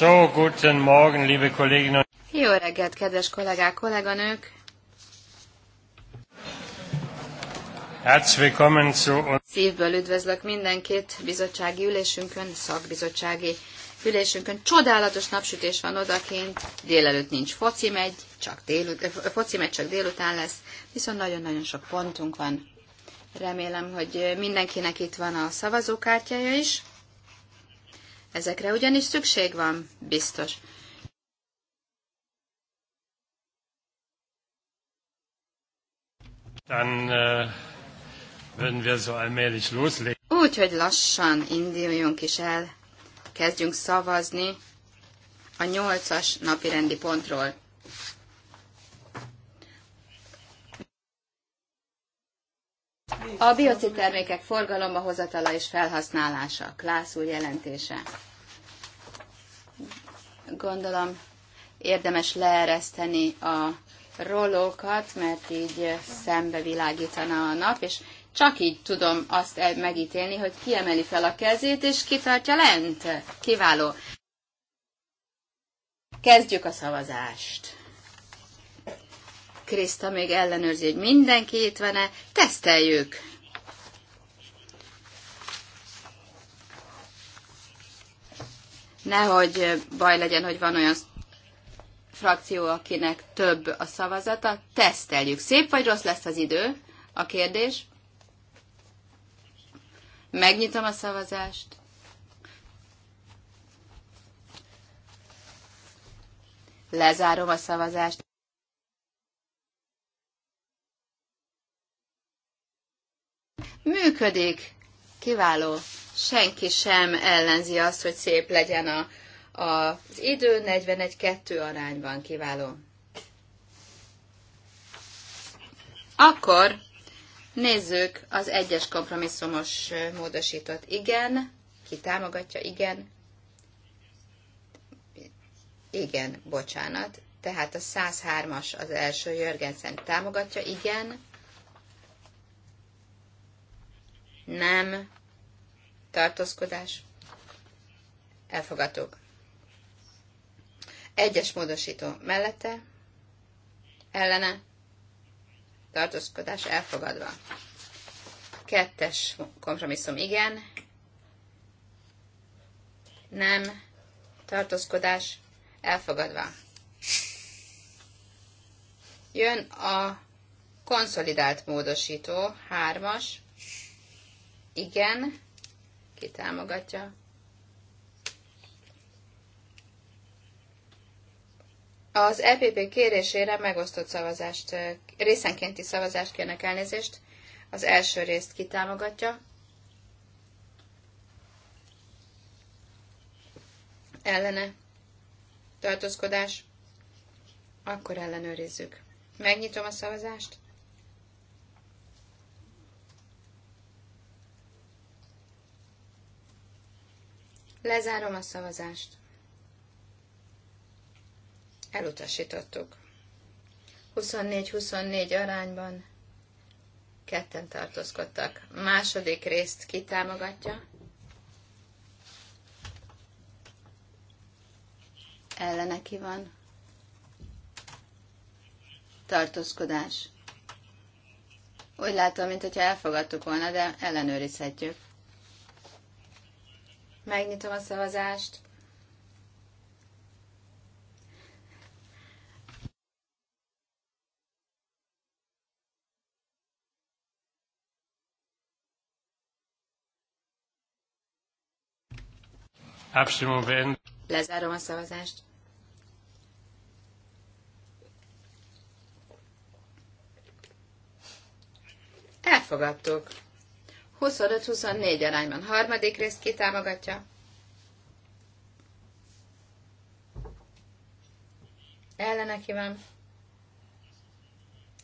So, guten Morgen, liebe Kolleginnen. Jó reggelt, kedves kollégák, kolléganők! Herzlich willkommen zu Szívből üdvözlök mindenkit bizottsági ülésünkön, szakbizottsági ülésünkön. Csodálatos napsütés van odakint, délelőtt nincs foci megy, csak, délut, foci megy, csak délután lesz, viszont nagyon-nagyon sok pontunk van. Remélem, hogy mindenkinek itt van a szavazókártyája is. Ezekre ugyanis szükség van, biztos. Dann äh, würden wir so allmählich loslegen. Úgy, hogy lassan induljunk is el. Kezdjünk szavazni a nyolcas napi rendi pontról. A biocid termékek forgalomba hozatala és felhasználása. Klász úr jelentése. Gondolom érdemes leereszteni a rolókat, mert így szembe világítana a nap, és csak így tudom azt megítélni, hogy kiemeli fel a kezét, és kitartja lent. Kiváló. Kezdjük a szavazást. Kriszta még ellenőrzi, hogy mindenki itt van-e. Teszteljük. Nehogy baj legyen, hogy van olyan frakció, akinek több a szavazata. Teszteljük. Szép vagy rossz lesz az idő? A kérdés. Megnyitom a szavazást. Lezárom a szavazást. Működik. Kiváló. Senki sem ellenzi azt, hogy szép legyen a, a, az idő 41-2 arányban. Kiváló. Akkor nézzük az egyes kompromisszumos módosított. Igen, ki támogatja, igen. Igen, bocsánat. Tehát a 103-as az első Jörgensen támogatja, igen. nem, tartózkodás, elfogadtuk. Egyes módosító mellette, ellene, tartózkodás elfogadva. Kettes kompromisszum igen, nem, tartózkodás elfogadva. Jön a konszolidált módosító, hármas, igen. Ki támogatja? Az EPP kérésére megosztott szavazást, részenkénti szavazást kérnek elnézést. Az első részt támogatja. Ellene. Tartózkodás. Akkor ellenőrizzük. Megnyitom a szavazást. Lezárom a szavazást. Elutasítottuk. 24-24 arányban ketten tartózkodtak. Második részt kitámogatja. Ellene ki van. Tartózkodás. Úgy látom, mintha elfogadtuk volna, de ellenőrizhetjük. Megnyitom a szavazást. Abstimmung Lezárom a szavazást. Elfogadtuk. 25-24 arányban. Harmadik részt kitámogatja. Ellene ki van.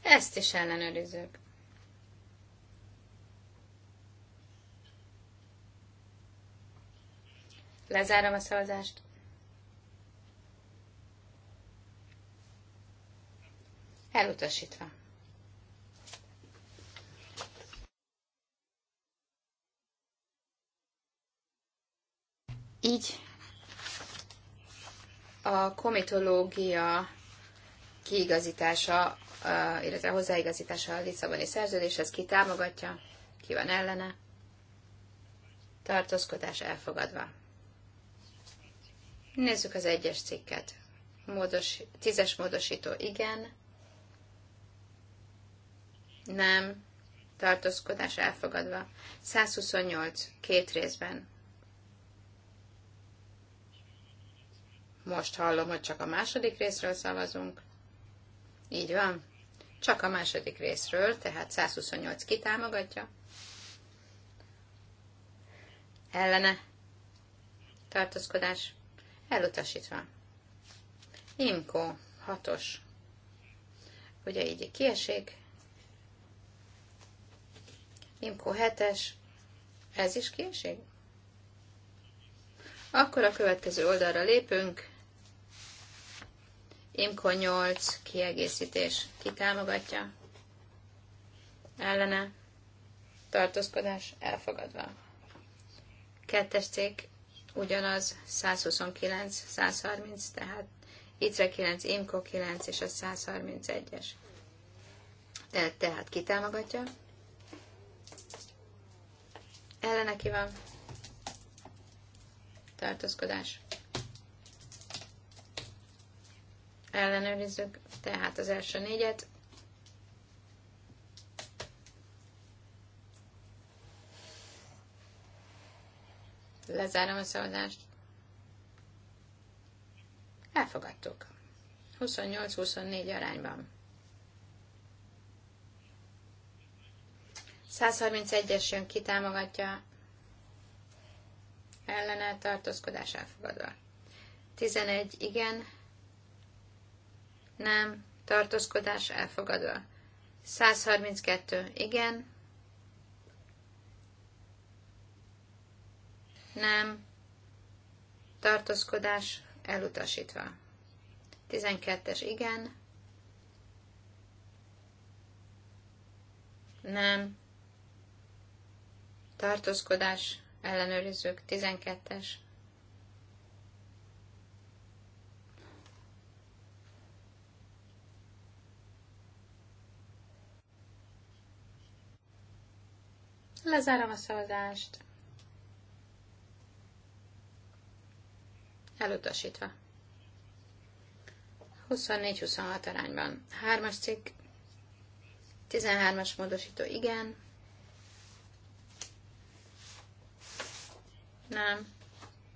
Ezt is ellenőrizzük. Lezárom a szavazást. Elutasítva. Így a komitológia kiigazítása, illetve hozzáigazítása a Lisszaboni szerződéshez ki támogatja, ki van ellene, tartózkodás elfogadva. Nézzük az egyes cikket. Módos, tízes módosító igen, nem, tartózkodás elfogadva. 128, két részben. Most hallom, hogy csak a második részről szavazunk. Így van. Csak a második részről, tehát 128 kitámogatja. Ellene. Tartózkodás. Elutasítva. Imkó. Hatos. Ugye így kiesik. Imkó hetes. Ez is kiesik? Akkor a következő oldalra lépünk. Imko 8 kiegészítés. Ki támogatja? Ellene. Tartózkodás elfogadva. Kettes cég ugyanaz 129, 130, tehát ITRE 9, IMKO 9 és a 131-es. Te, tehát ki támogatja? Ellene ki van? Tartózkodás ellenőrizzük, tehát az első négyet. Lezárom a szavazást. Elfogadtuk. 28-24 arányban. 131-es jön ki támogatja ellene tartózkodás elfogadva. 11 igen, nem, tartózkodás elfogadva. 132, igen, nem, tartózkodás elutasítva. 12-es, igen, nem, tartózkodás ellenőrizők. 12-es, Lezárom a szavazást. Elutasítva. 24-26 arányban. 3-as cikk, 13-as módosító igen. Nem.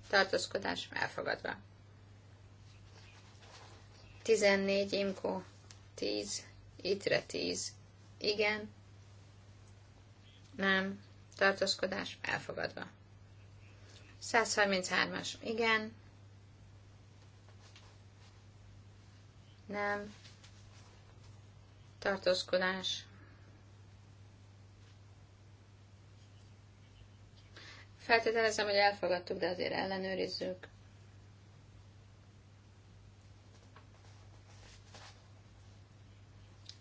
Tartózkodás elfogadva. 14 imkó, 10, itre 10, igen nem, tartózkodás elfogadva. 133-as, igen, nem, tartózkodás. Feltételezem, hogy elfogadtuk, de azért ellenőrizzük.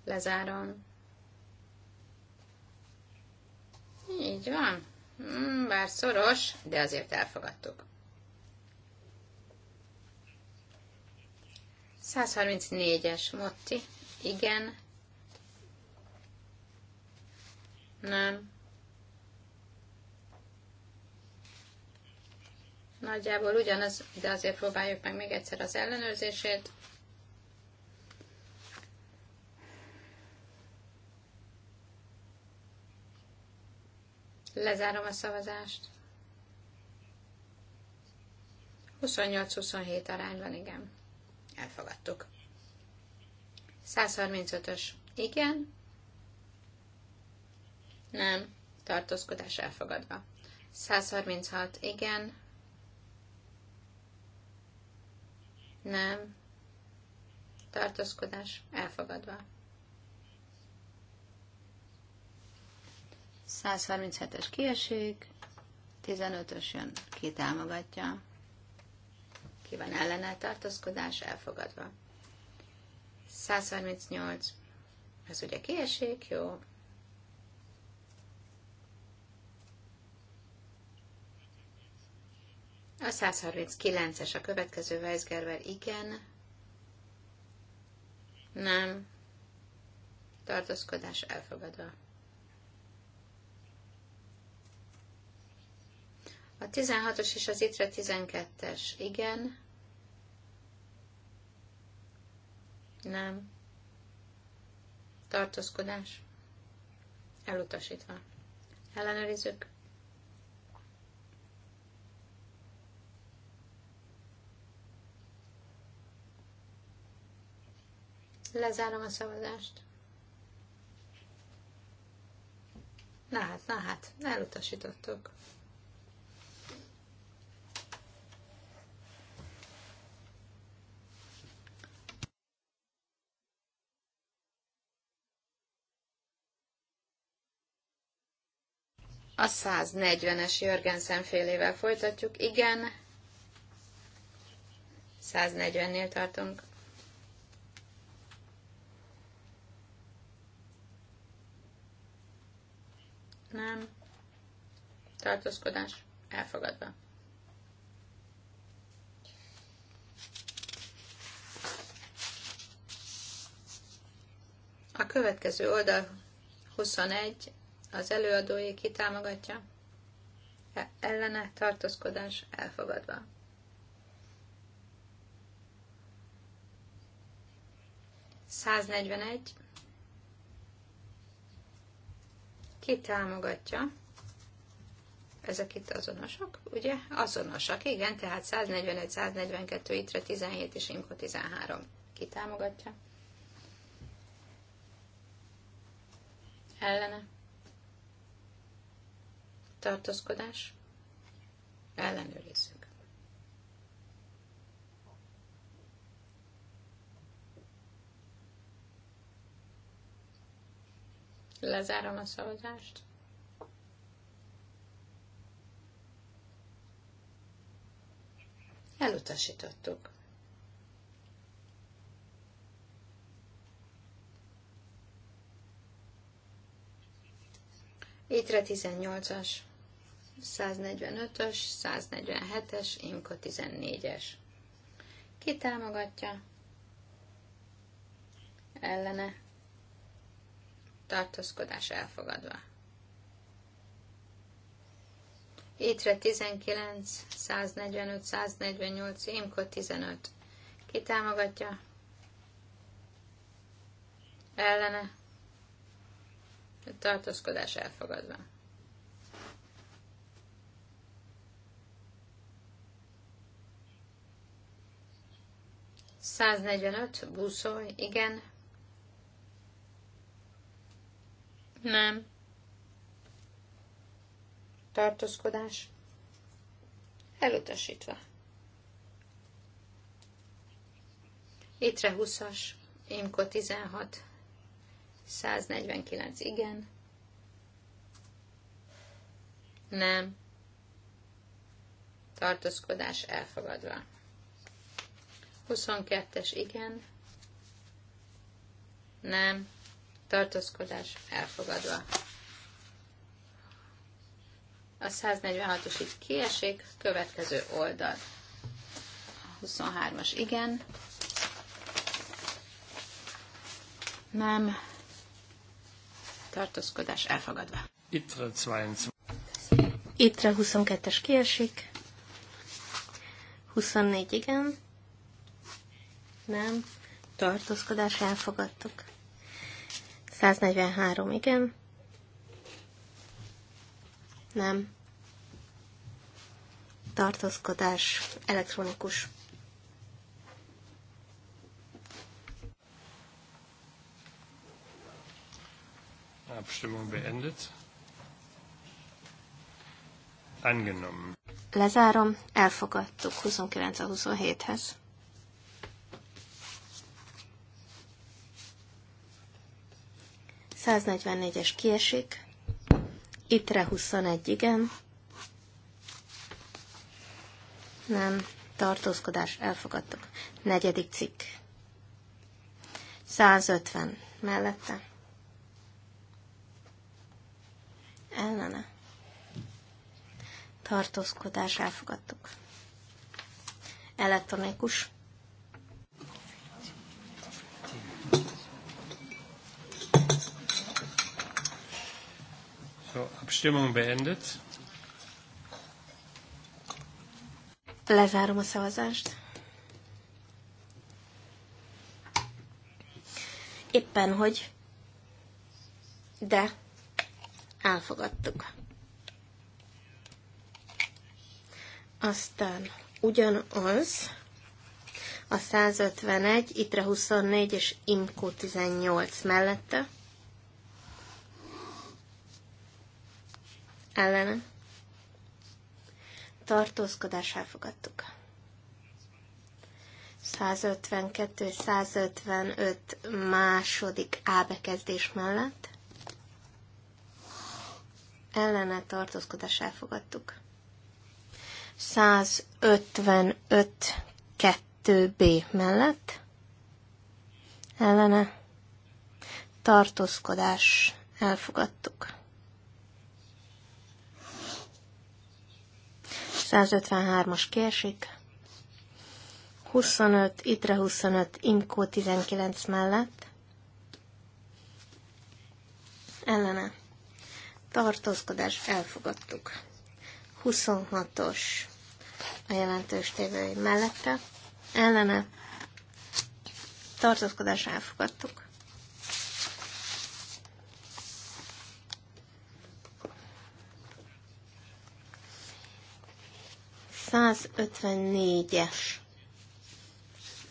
Lezárom. Így van. Hmm, bár szoros, de azért elfogadtuk. 134-es Motti. Igen. Nem. Nagyjából ugyanaz, de azért próbáljuk meg még egyszer az ellenőrzését. Lezárom a szavazást. 28-27 arányban, igen. Elfogadtuk. 135-ös. Igen. Nem. Tartózkodás elfogadva. 136. Igen. Nem. Tartózkodás elfogadva. 137-es kiesik, 15-ös jön, ki támogatja, ki van ellene tartózkodás, elfogadva. 138, ez ugye kiesik, jó. A 139-es a következő Weisgerber, igen. Nem. Tartózkodás elfogadva. A 16-os és az ITRE 12-es. Igen. Nem. Tartózkodás. Elutasítva. Ellenőrizzük. Lezárom a szavazást. Na hát, na hát, elutasítottuk. A 140-es Jörgensen félével folytatjuk. Igen. 140-nél tartunk. Nem. Tartózkodás elfogadva. A következő oldal 21, az előadói kitámogatja, e, ellene tartózkodás elfogadva. Száznegyvenegy. Ki támogatja? Ezek itt azonosak, ugye? Azonosak, igen, tehát 141, 142, ITRE 17 és IMKO 13. Ki támogatja? Ellene tartózkodás, ellenőrizzük. Lezárom a szavazást. Elutasítottuk. Étre 18-as. 145-ös, 147-es, Imka 14-es. Ki támogatja? Ellene. Tartózkodás elfogadva. Étre 19, 145, 148, Imko 15. Ki támogatja? Ellene. Tartózkodás elfogadva. 145, buszoly, igen. Nem. Tartózkodás. Elutasítva. Étre 20-as, Imko 16, 149, igen. Nem. Tartózkodás elfogadva. 22-es igen, nem, tartózkodás elfogadva. A 146-os így kiesik, következő oldal. 23-as igen, nem, tartózkodás elfogadva. Ittre 22. Ittre 22-es kiesik, 24 igen, nem, tartózkodás elfogadtuk. 143, igen. Nem. Tartózkodás elektronikus. Abstimmung beendet. Angenommen. Lezárom, elfogadtuk 29 a 27-hez. 144-es kiesik, ittre 21 igen, nem, tartózkodás, elfogadtuk. Negyedik cikk. 150 mellette. Ellene. Tartózkodás, elfogadtuk. Elektronikus. So, Abstimmung beendet. Lezárom a szavazást. Éppen hogy, de elfogadtuk. Aztán ugyanaz, a 151, ITRE 24 és IMCO 18 mellette ellene tartózkodás elfogadtuk. 152 és 155 második ábekezdés mellett ellene tartózkodás elfogadtuk. 155 2B mellett ellene tartózkodás elfogadtuk. 153-as kérsik, 25, ITRE 25, IMKO 19 mellett, ellene, tartózkodás elfogadtuk. 26-os a jelentős tévői mellette, ellene, tartózkodás elfogadtuk. 154-es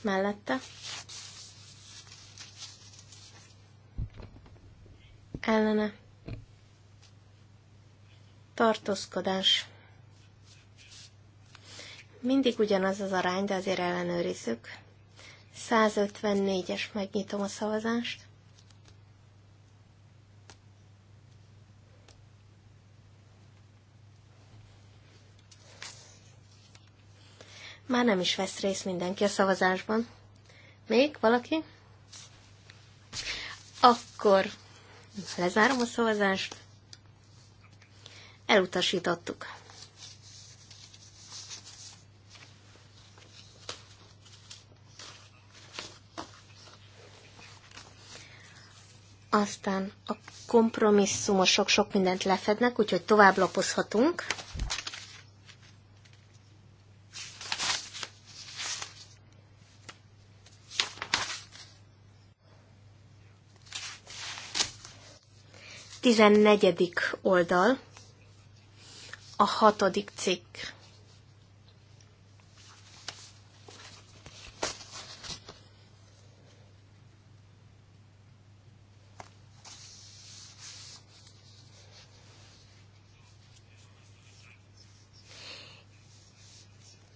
mellette. Ellene. Tartózkodás. Mindig ugyanaz az arány, de azért ellenőrizzük. 154-es megnyitom a szavazást. Már nem is vesz részt mindenki a szavazásban. Még valaki? Akkor lezárom a szavazást. Elutasítottuk. Aztán a kompromisszumosok sok mindent lefednek, úgyhogy tovább lapozhatunk. 14. oldal, a hatodik cikk.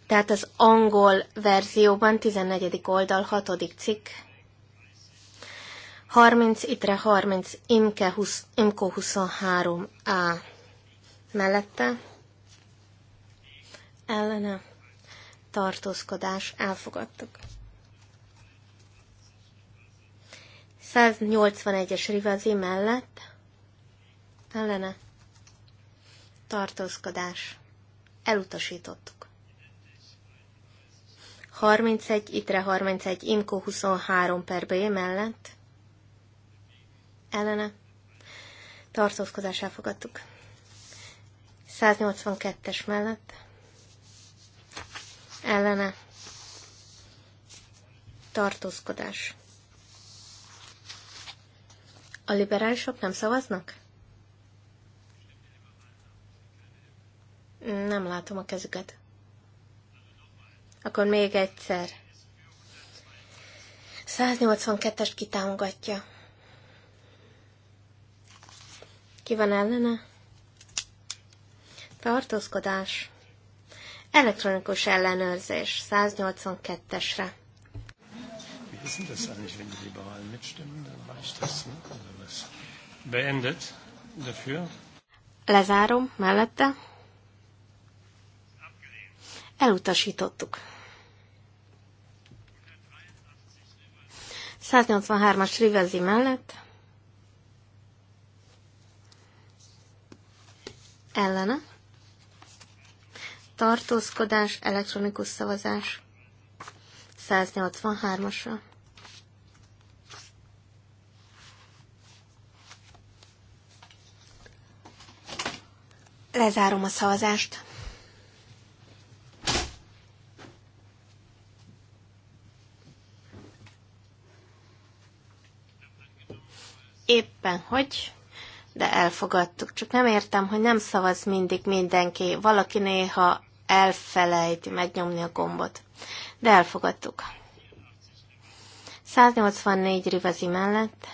Tehát az angol verzióban 14. oldal 6. cikk 30, itre 30, imke 20, imko 23 A mellette, ellene, tartózkodás, elfogadtuk. 181-es Rivazi mellett, ellene, tartózkodás, elutasítottuk. 31, itre 31, imko 23 per B mellett, ellene tartózkodás elfogadtuk. 182-es mellett ellene tartózkodás. A liberálisok nem szavaznak? Nem látom a kezüket. Akkor még egyszer. 182-est kitámogatja. Ki van ellene? Tartózkodás. Elektronikus ellenőrzés 182-esre. das eigentlich, wenn die Liberalen mitstimmen? Dann das, ne? Oder was? Beendet. Dafür. Lezárom, mellette. Elutasítottuk. 183-as Rivezi mellett Ellene. Tartózkodás, elektronikus szavazás. 183-asra. Lezárom a szavazást. Éppen hogy de elfogadtuk. Csak nem értem, hogy nem szavaz mindig mindenki. Valaki néha elfelejti megnyomni a gombot. De elfogadtuk. 184 rivezi mellett.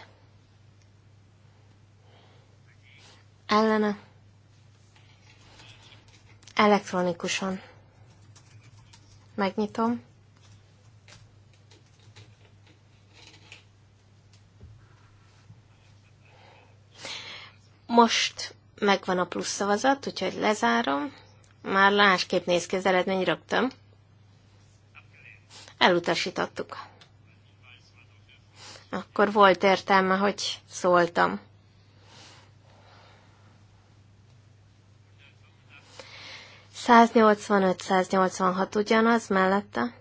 Ellene. Elektronikusan. Megnyitom. Most megvan a plusz szavazat, úgyhogy lezárom. Már másképp néz ki az eredmény rögtön. Elutasítottuk. Akkor volt értelme, hogy szóltam. 185-186 ugyanaz mellette.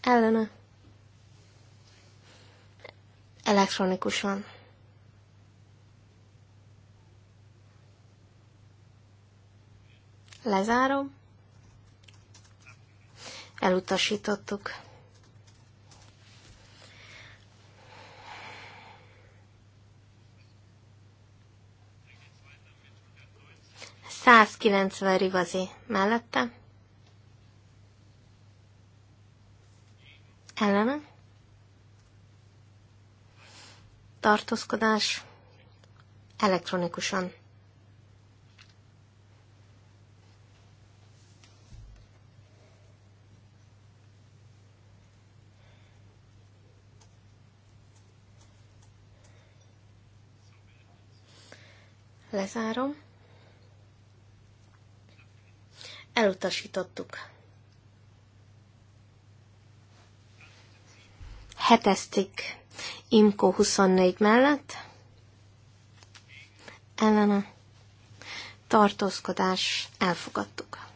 Ellene. Elektronikusan. Lezárom. Elutasítottuk. Százkilencven rivazi mellette. Ellene. Tartózkodás elektronikusan. Lezárom. Elutasítottuk. Hetesztik. Imko 24 mellett. Ellene. Tartózkodás. Elfogadtuk.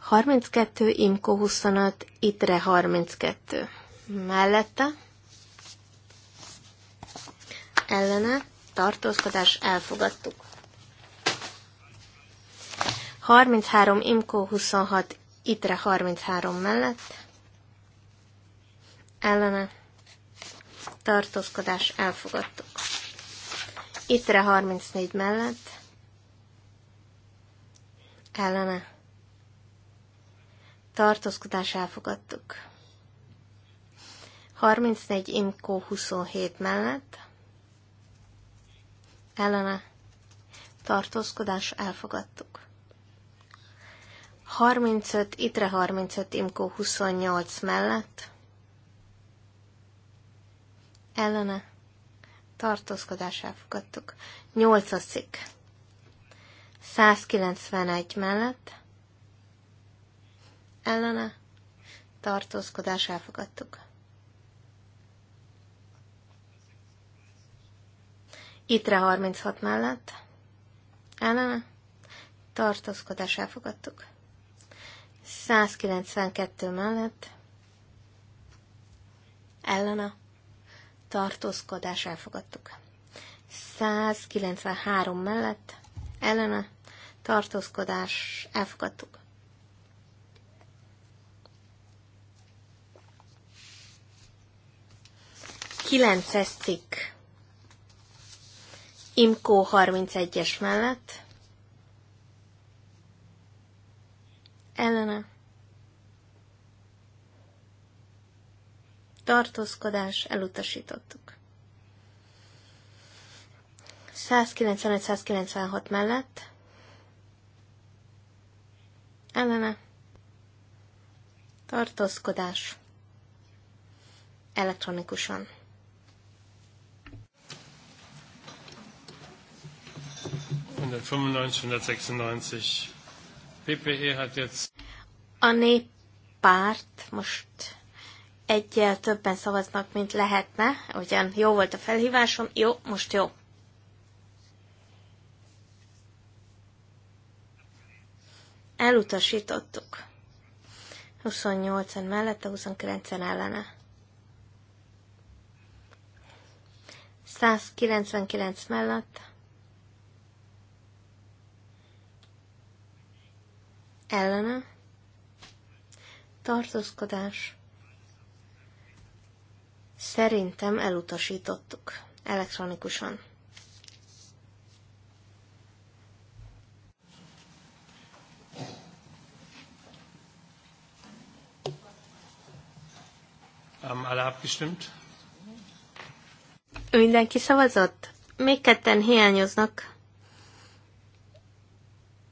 32, Imko 25, Itre 32. Mellette. Ellene tartózkodás elfogadtuk. 33 Imkó 26 Itre 33 mellett ellene tartózkodás elfogadtuk. Itre 34 mellett ellene tartózkodás elfogadtuk. 34 Imkó 27 mellett ellene tartózkodás elfogadtuk. 35, itre 35, imkó 28 mellett ellene tartózkodás elfogadtuk. 8 szik. 191 mellett ellene tartózkodás elfogadtuk. Itre 36 mellett. Ellene. Tartózkodás elfogadtuk. 192 mellett. Ellene. Tartózkodás elfogadtuk. 193 mellett. Ellene. Tartózkodás elfogadtuk. Kilences cikk. Imkó 31-es mellett. Ellene. Tartózkodás elutasítottuk. 195-196 mellett. Ellene. Tartózkodás. Elektronikusan. E a néppárt most egyel többen szavaznak, mint lehetne. Ugyan jó volt a felhívásom, jó, most jó. Elutasítottuk. 28-en mellette, 29-en ellene. 199 mellett, ellene, tartózkodás, szerintem elutasítottuk elektronikusan. Haben alle abgestimmt? Mindenki szavazott? Még ketten hiányoznak.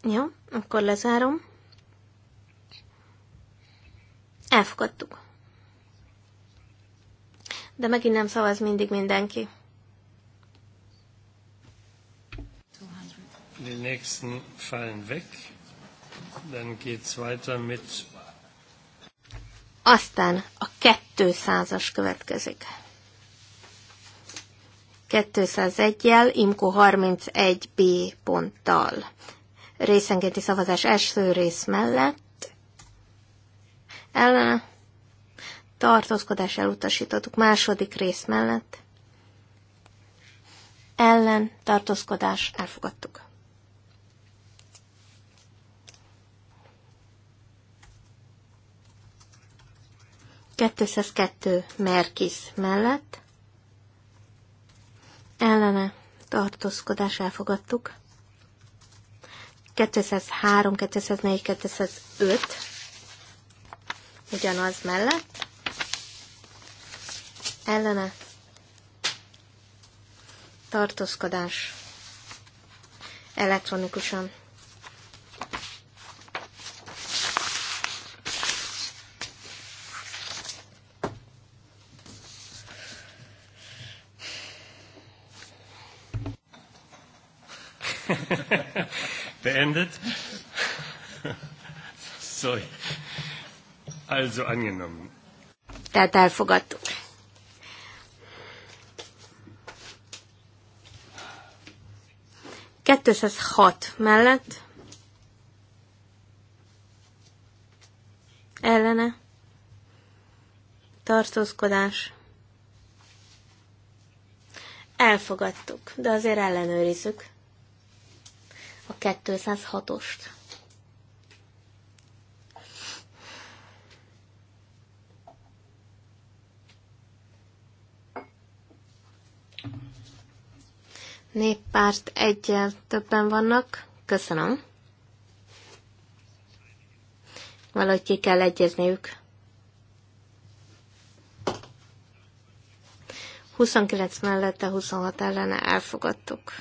Jó, akkor lezárom. Elfogadtuk. De megint nem szavaz mindig mindenki. Die nächsten fallen weg. Dann geht's weiter mit. Aztán a 200-as következik. 201-jel, Imko 31B ponttal. Részenkénti szavazás első rész mellett ellene, tartózkodás elutasítottuk második rész mellett, ellen, tartózkodás elfogadtuk. Kettőszázkettő Merkis mellett, ellene, tartózkodás elfogadtuk. 203, 204, 205 ugyanaz mellett, ellene tartózkodás elektronikusan. Beendet. Sorry also angenommen. Tehát elfogadtuk. hat mellett ellene tartózkodás. Elfogadtuk, de azért ellenőrizzük a 206-ost. néppárt egyel többen vannak. Köszönöm. Valahogy ki kell egyezniük. 29 mellette, 26 ellene elfogadtuk.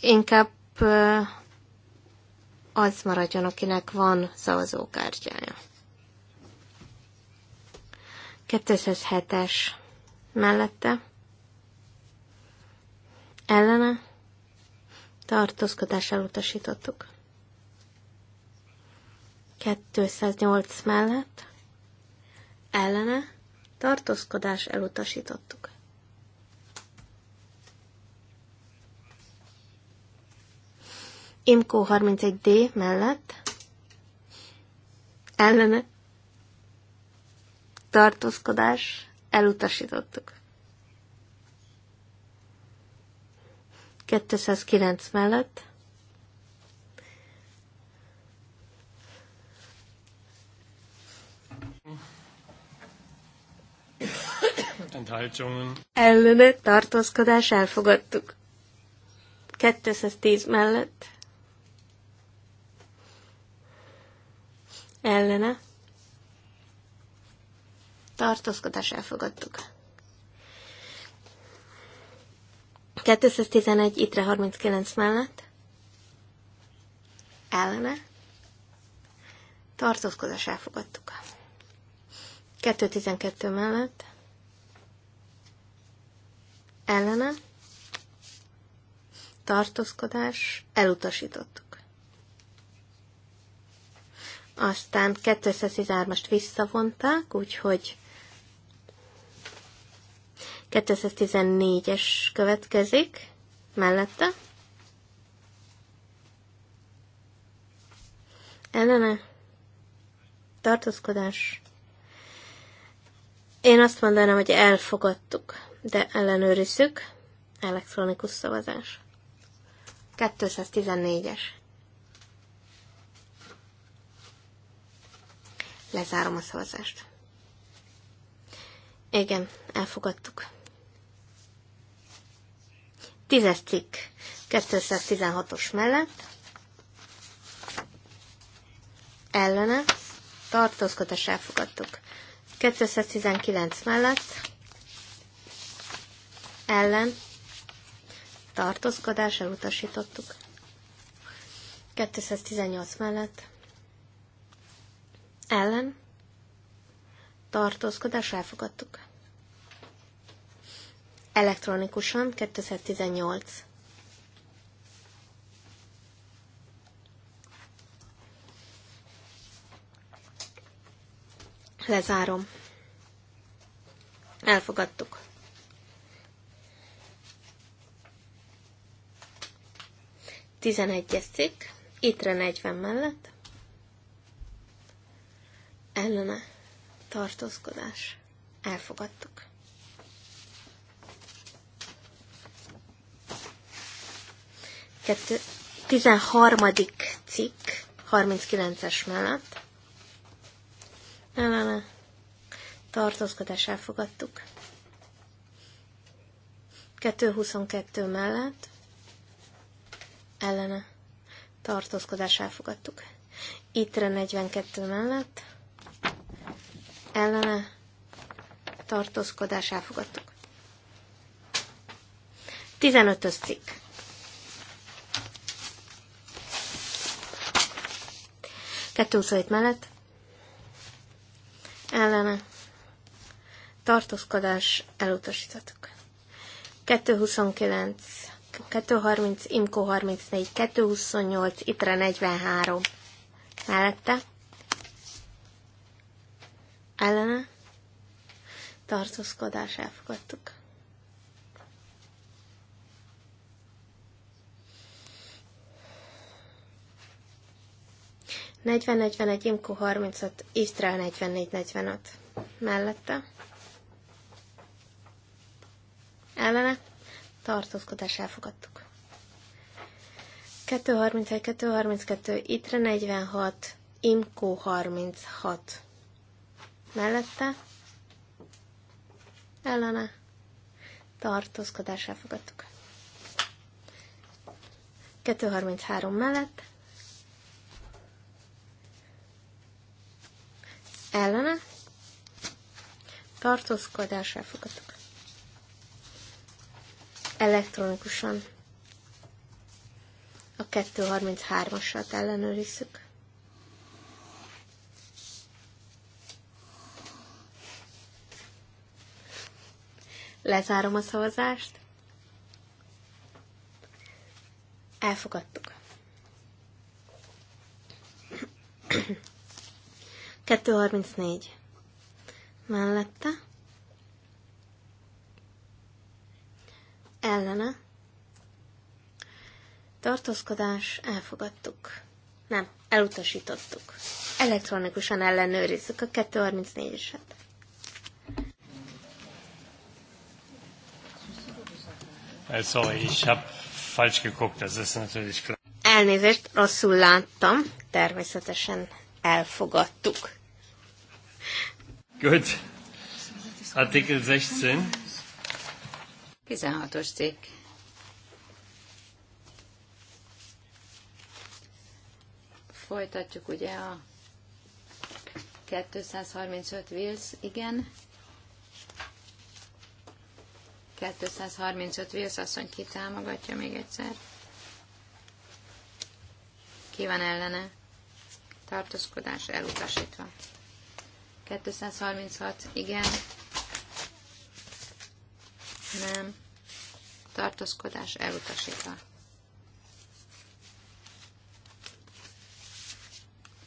Inkább az maradjon, akinek van szavazókártyája. 207-es mellette ellene tartózkodás elutasítottuk. 208 mellett ellene tartózkodás elutasítottuk. Imkó 31D mellett ellene tartózkodás elutasítottuk. 209 mellett Ellene tartózkodás elfogadtuk. 210 mellett. Ellene. Tartózkodás elfogadtuk. 211 itre 39 mellett ellene tartózkodás elfogadtuk. 212 mellett ellene tartózkodás elutasítottuk. Aztán 213-ast visszavonták, úgyhogy 214-es következik, mellette. Ellene. Tartózkodás. Én azt mondanám, hogy elfogadtuk, de ellenőrizzük. Elektronikus szavazás. 214-es. Lezárom a szavazást. Igen, elfogadtuk. Tízes cikk 216-os mellett ellene tartózkodás elfogadtuk. 219 mellett ellen tartózkodás elutasítottuk. 218 mellett ellen tartózkodás elfogadtuk elektronikusan 2018. Lezárom. Elfogadtuk. Tizenegyes cikk, ittre 40 mellett. Ellene tartózkodás. Elfogadtuk. Kettő, 13. cikk, 39-es mellett. Ne, ne, ne. Tartózkodás elfogadtuk. 222 mellett. Ellene. Tartózkodás elfogadtuk. Ittre 42 mellett. Ellene. Tartózkodás elfogadtuk. 15-ös cikk. 227 mellett ellene tartózkodás elutasítottuk. 229, 230, Imko 34, 228, Itre 43 mellette ellene tartózkodás elfogadtuk. 40-41, Imko Isztrál 44-45. Mellette. Ellene. Tartózkodás elfogadtuk. 231, 232, Itre 46, Imko 36. Mellette. Ellene. Tartózkodás elfogadtuk. 233 mellett ellene tartózkodás elfogadtuk. Elektronikusan a 233-asat ellenőrizzük. Lezárom a szavazást. Elfogadtuk. 234. Mellette. Ellene. Tartózkodás. Elfogadtuk. Nem, elutasítottuk. Elektronikusan ellenőrizzük a 234-eset. Äh, sorry, ich habe falsch geguckt, das ist natürlich klar. Elnézést, rosszul láttam, természetesen elfogadtuk. Good. Artikel 16. 16-os cikk. Folytatjuk ugye a 235 Wills, igen. 235 Wills asszony támogatja még egyszer. Ki van ellene? tartózkodás elutasítva. 236, igen, nem, tartózkodás elutasítva.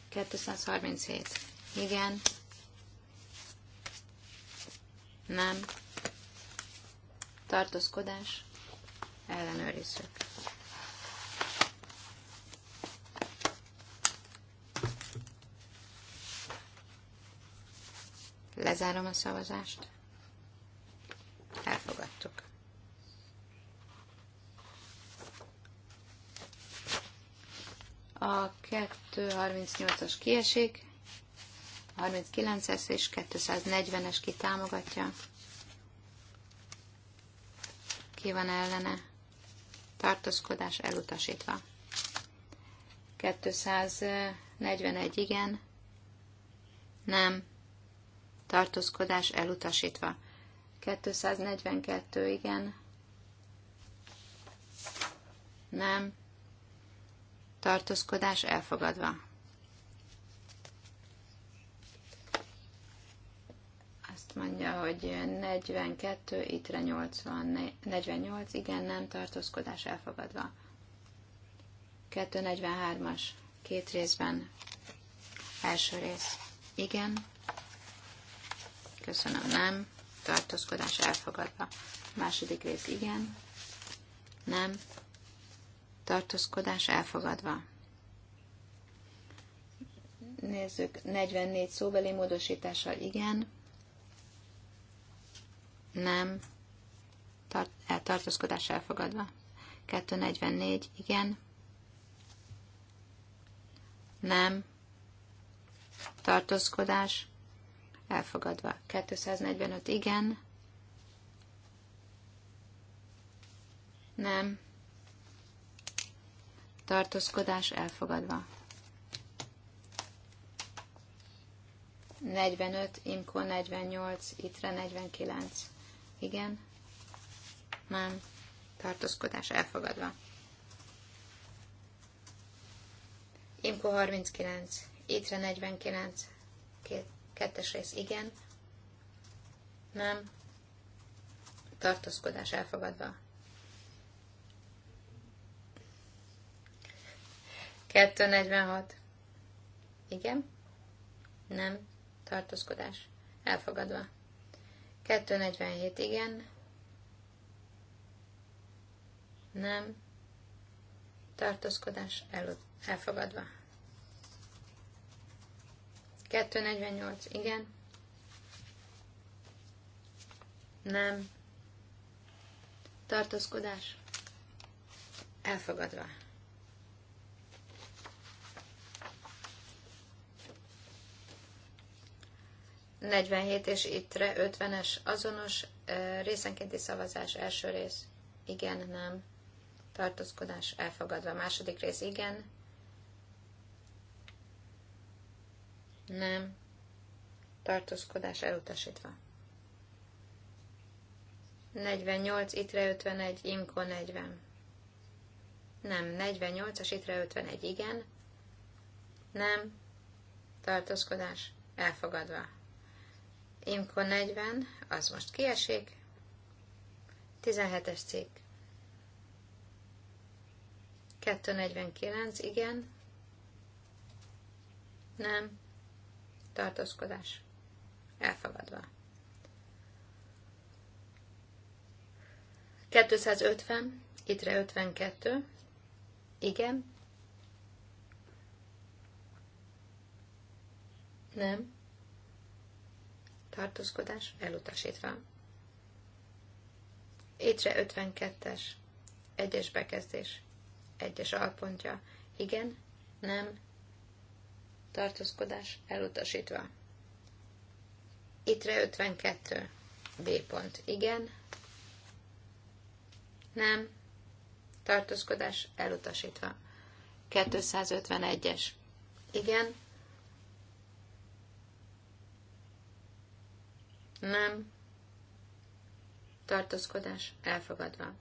237, igen, nem, tartózkodás, ellenőrizzük. Lezárom a szavazást. Elfogadtuk. A 238-as kiesik, 39-es és 240-es kitámogatja. Ki van ellene? Tartózkodás elutasítva. 241 igen. Nem tartózkodás elutasítva. 242, igen. Nem. Tartózkodás elfogadva. Azt mondja, hogy 42, ittre 80, 48, igen, nem, tartózkodás elfogadva. 243-as, két részben, első rész, igen, Köszönöm, nem. Tartózkodás elfogadva. Második rész, igen. Nem. Tartózkodás elfogadva. Nézzük, 44 szóbeli módosítással igen. Nem. Tart, el, tartózkodás elfogadva. 244, igen. Nem. Tartózkodás elfogadva. 245 igen, nem, tartózkodás elfogadva. 45, Imko 48, Itre 49. Igen, nem, tartózkodás elfogadva. Imko 39, Itre 49, két Kettes rész igen. Nem. Tartózkodás elfogadva. Kettő negyvenhat. Igen. Nem. Tartózkodás. Elfogadva. 247. Igen. Nem. Tartózkodás. El, elfogadva. 248, igen. Nem. Tartózkodás. Elfogadva. Negyvenhét és ittre ötvenes azonos részenkénti szavazás első rész. Igen, nem. Tartózkodás elfogadva. Második rész igen, Nem. Tartózkodás elutasítva. 48, itre 51, imko 40. Nem, 48-as, itre 51, igen. Nem. Tartózkodás elfogadva. Imko 40, az most kiesik. 17-es cikk. 249, igen. Nem tartózkodás elfogadva. 250, ittre 52, igen, nem, tartózkodás elutasítva. Étre 52-es, egyes bekezdés, egyes alpontja, igen, nem, tartózkodás elutasítva. Ittre 52. B pont. Igen. Nem. Tartózkodás elutasítva. 251-es. Igen. Nem. Tartózkodás elfogadva.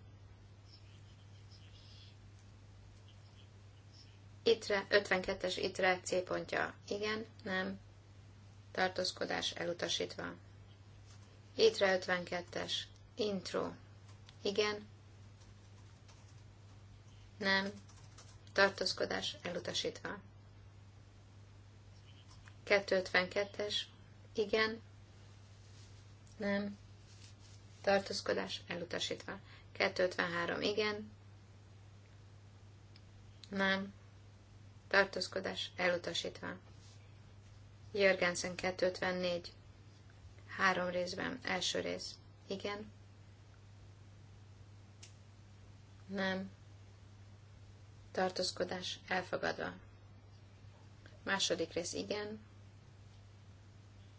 Itre, 52-es itre C pontja. Igen, nem. Tartózkodás elutasítva. Itre 52-es. Intro. Igen. Nem. Tartózkodás elutasítva. 252-es. Igen. Nem. Tartózkodás elutasítva. 253. Igen. Nem tartózkodás elutasítva. Jörgensen 254, három részben, első rész, igen, nem, tartózkodás elfogadva. Második rész, igen,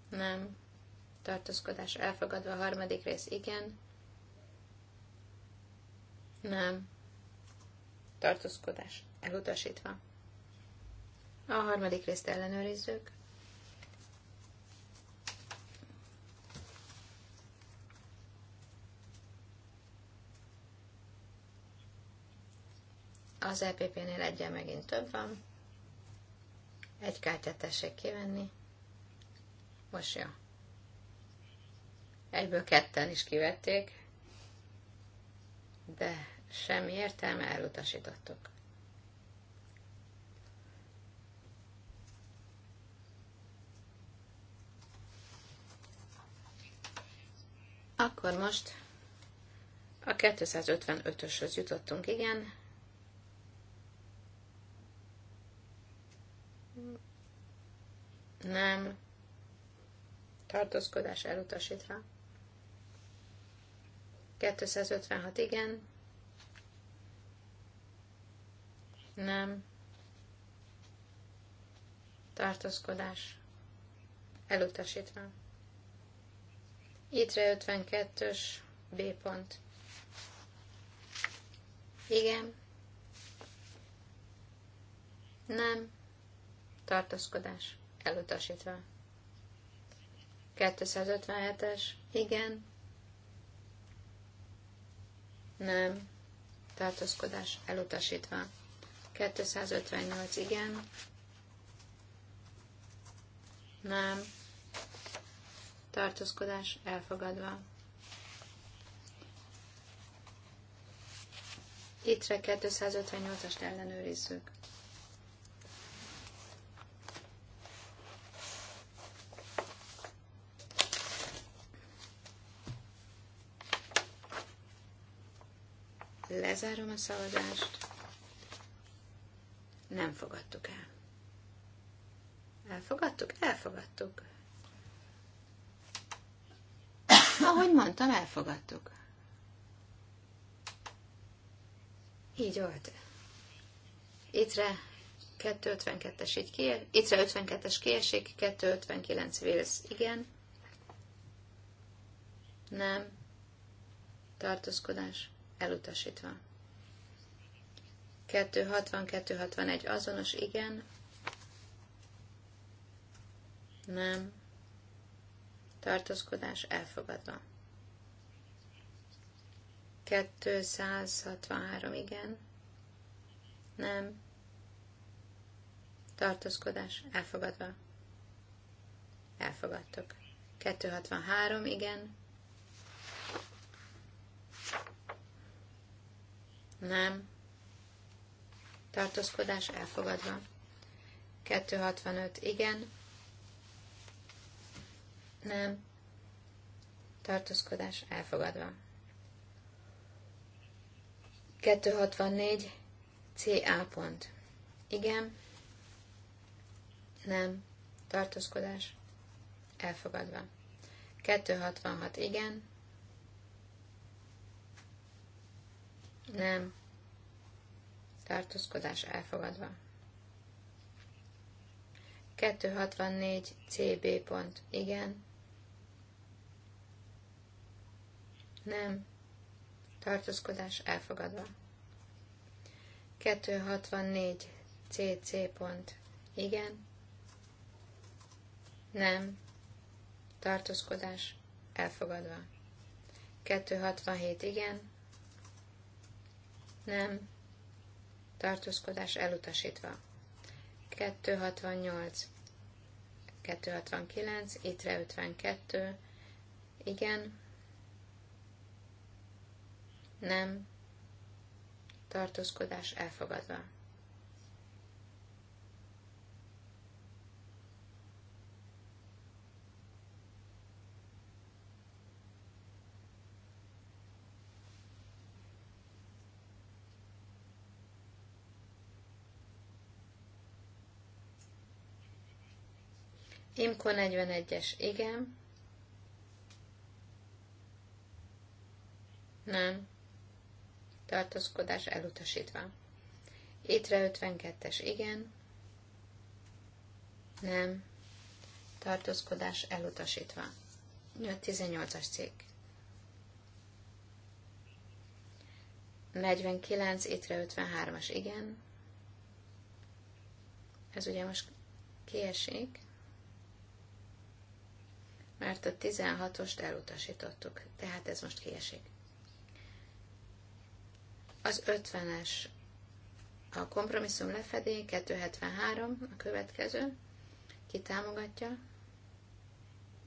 nem, tartózkodás elfogadva. Harmadik rész, igen, nem, tartózkodás elutasítva. A harmadik részt ellenőrizzük. Az EPP-nél egyen megint több van. Egy kártyát tessék kivenni. Most jó. Egyből ketten is kivették, de semmi értelme, elutasítottuk. Akkor most a 255-öshöz jutottunk, igen. Nem. Tartózkodás elutasítva. 256, igen. Nem. Tartózkodás elutasítva. Itre 52-ös B pont. Igen. Nem. Tartózkodás. Elutasítva. 257-es. Igen. Nem. Tartózkodás. Elutasítva. 258. Igen. Nem tartózkodás elfogadva. Ittre 258-ast ellenőrizzük. Lezárom a szavazást. Nem fogadtuk el. Elfogadtuk? Elfogadtuk. Ahogy mondtam, elfogadtuk. Így volt. Ittre 252-es így kér, ittre 52-es kérség, 259 vélsz, igen. Nem. Tartózkodás elutasítva. 260-261 azonos, igen. Nem tartózkodás elfogadva. 263 igen, nem, tartózkodás elfogadva. Elfogadtok. 263 igen, nem, tartózkodás elfogadva. 265 igen, nem, tartózkodás elfogadva. 264 CA pont. Igen, nem, tartózkodás elfogadva. 266 igen, nem, tartózkodás elfogadva. 264 CB pont. Igen. nem, tartózkodás elfogadva. 264 cc pont, igen, nem, tartózkodás elfogadva. 267 igen, nem, tartózkodás elutasítva. 268, 269, ittre 52, igen, nem, tartózkodás elfogadva. Imko 41-es, igen. Nem tartózkodás elutasítva. Étre 52-es igen, nem, tartózkodás elutasítva. 18-as cikk. 49, étre 53-as igen. Ez ugye most kiesik, mert a 16-ost elutasítottuk, tehát ez most kiesik. Az 50-es a kompromisszum lefedé, 273 a következő, ki támogatja,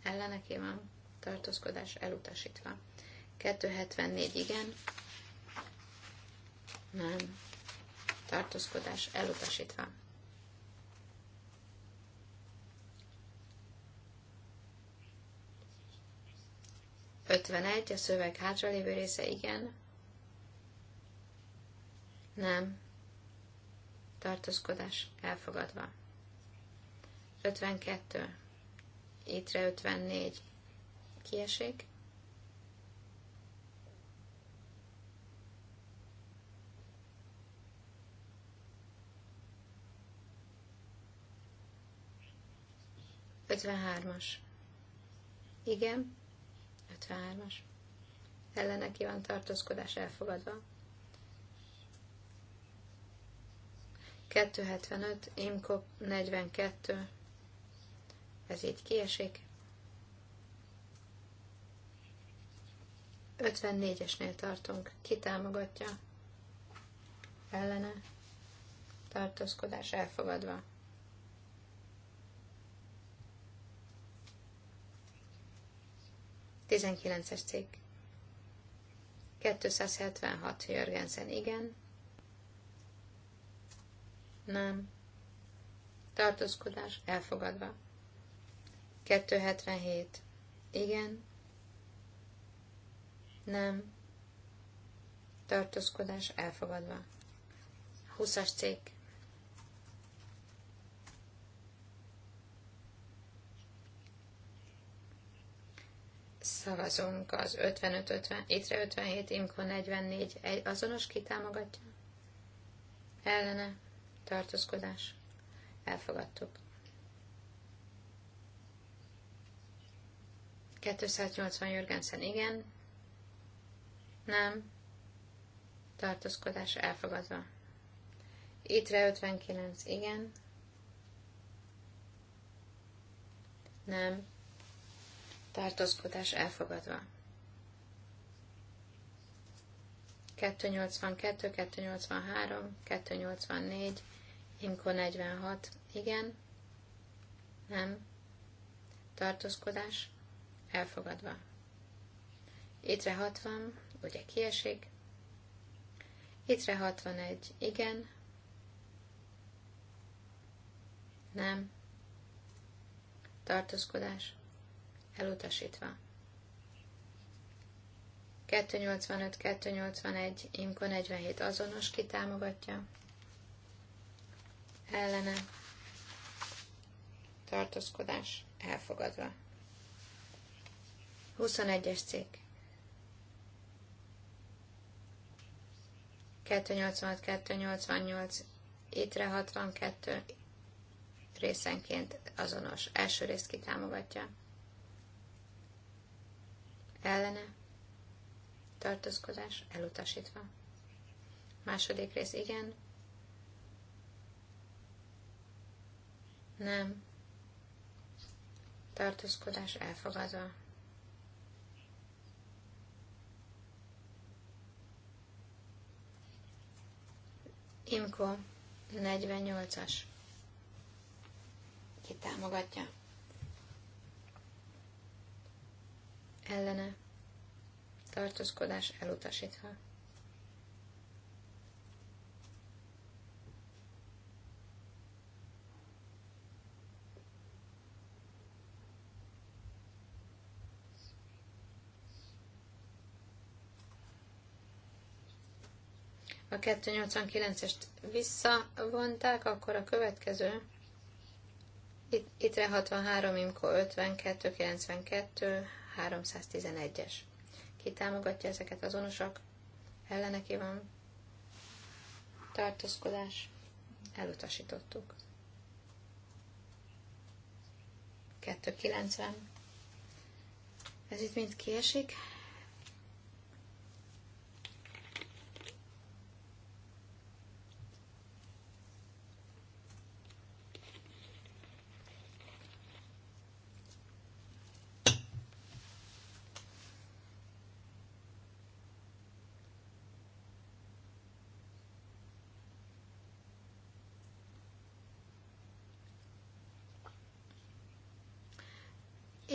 ellene van tartózkodás elutasítva. 274 igen, nem, tartózkodás elutasítva. Ötvenegy, a szöveg hátralévő része igen, nem. Tartózkodás elfogadva. 52. Ittre 54. Kiesik. Ötvenhármas. Igen, 53-as. Ellene van tartózkodás elfogadva. 275, Imkop 42, ez így kiesik. 54-esnél tartunk, ki támogatja, ellene, tartózkodás elfogadva. Tizenkilences cikk. 276 Jörgensen igen, nem. Tartózkodás elfogadva. 277. Igen. Nem. Tartózkodás elfogadva. 20-as cég. Szavazunk az 55-50, étre 57, Imko 44, egy azonos kitámogatja? Ellene tartózkodás, elfogadtuk. 280 Jörgensen igen, nem, tartózkodás elfogadva. Étre 59 igen, nem, tartózkodás elfogadva. 282, 283, 284, Inko 46, igen, nem, tartózkodás, elfogadva. Étre 60, ugye kiesik. Étre 61, igen, nem, tartózkodás, elutasítva. 285, 281, Imko 47 azonos kitámogatja. Ellene. Tartózkodás elfogadva. 21-es cikk. 286, 288, Itre 62 részenként azonos. Első részt kitámogatja. Ellene tartózkodás elutasítva. Második rész igen, nem, tartózkodás elfogadva. Imko 48-as. Ki támogatja? Ellene tartózkodás elutasítva. A 289-est visszavonták, akkor a következő itt, ittre 63, imko 52, 92, 311-es. Ki támogatja ezeket azonosak? Ellene van? Tartózkodás. Elutasítottuk. 290. Ez itt mind kiesik.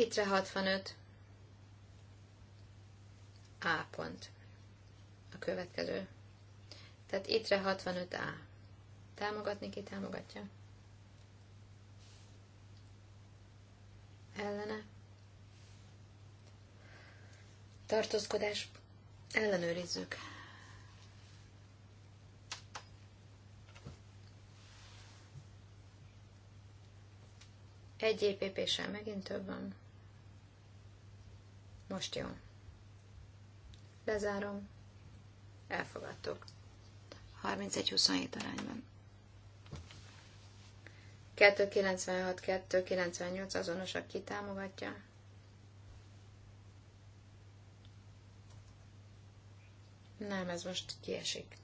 Itre 65. A pont. A következő. Tehát Itre 65A. Támogatni ki támogatja? Ellene. Tartózkodás. Ellenőrizzük. Egy EPP sem, megint több van. Most jó. Bezárom. Elfogadtok. 31-27 arányban. 296-298 azonos, aki támogatja. Nem, ez most kiesik.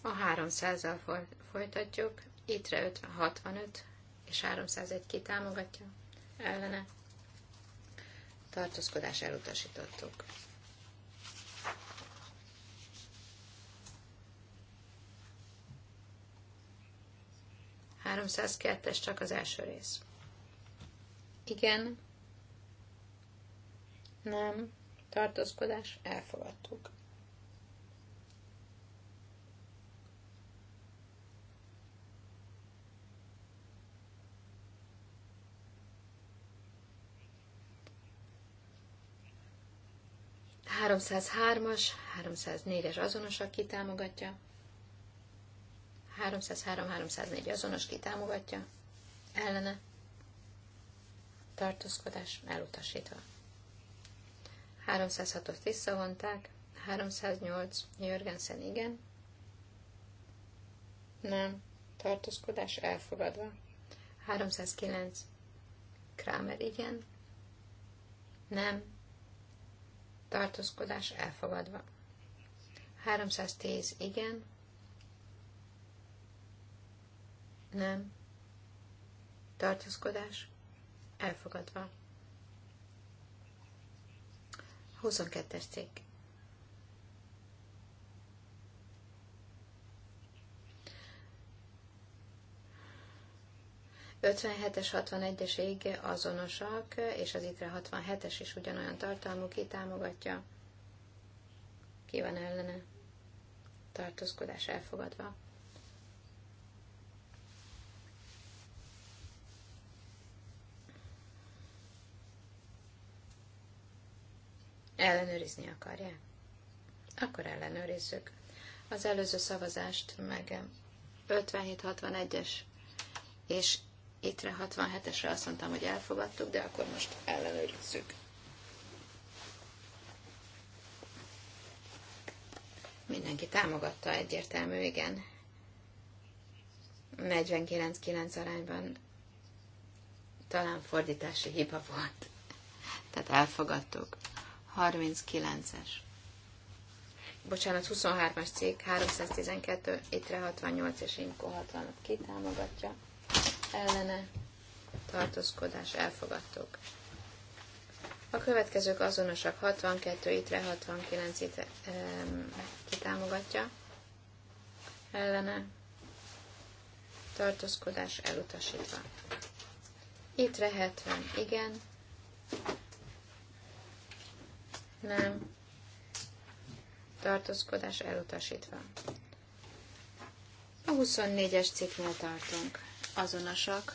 A 300-zal folytatjuk. Ittre 50, 65, és 301 ki támogatja, ellene tartózkodás elutasítottuk. es csak az első rész. Igen. Nem. Tartózkodás. Elfogadtuk. 303-as, 304-es azonosak támogatja. 303-304 azonos támogatja. Ellene. Tartózkodás elutasítva. 306-ot visszavonták. 308 Jörgensen igen. Nem. Tartózkodás elfogadva. 309 Kramer igen. Nem tartózkodás elfogadva. 310 igen, nem, tartózkodás elfogadva. 22-es cikk. 57-es, 61-es ég azonosak, és az ITRE 67-es is ugyanolyan tartalmú, ki támogatja, ki van ellene, tartózkodás elfogadva. Ellenőrizni akarja, Akkor ellenőrizzük. Az előző szavazást meg 57-61-es és Étre 67-esre azt mondtam, hogy elfogadtuk, de akkor most ellenőrizzük. Mindenki támogatta egyértelmű, igen. 49-9 arányban talán fordítási hiba volt. Tehát elfogadtuk. 39-es. Bocsánat, 23-as cég, 312, ittre 68 és Inko 60 kitámogatja. támogatja ellene tartózkodás elfogadtuk. A következők azonosak 62, itre 69 itre, um, kitámogatja, ellene tartózkodás elutasítva. Itre 70, igen, nem, tartózkodás elutasítva. A 24-es cikknél tartunk azonosak.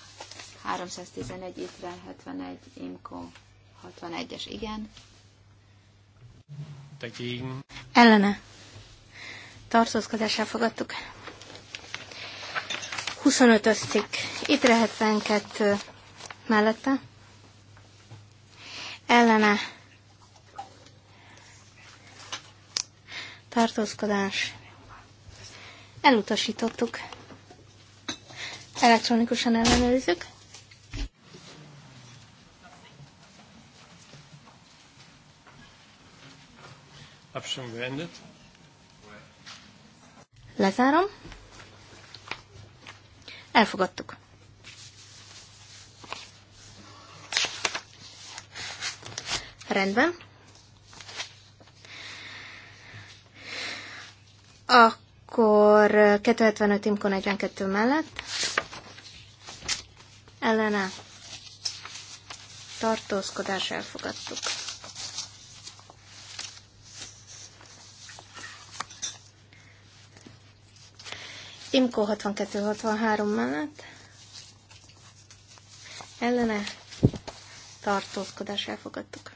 311 ITRE, 71 imko 61-es igen. Dagegen. Ellene. Tartózkodással fogadtuk. 25-ös cikk. ITRE 72 mellette. Ellene. Tartózkodás. Elutasítottuk. Elektronikusan ellenőrizzük. Abstimmung beendet. Lezárom. Elfogadtuk. Rendben. Akkor eh, 275 Imko 42 mellett ellene tartózkodás elfogadtuk. Imko 62-63 mellett ellene tartózkodás elfogadtuk.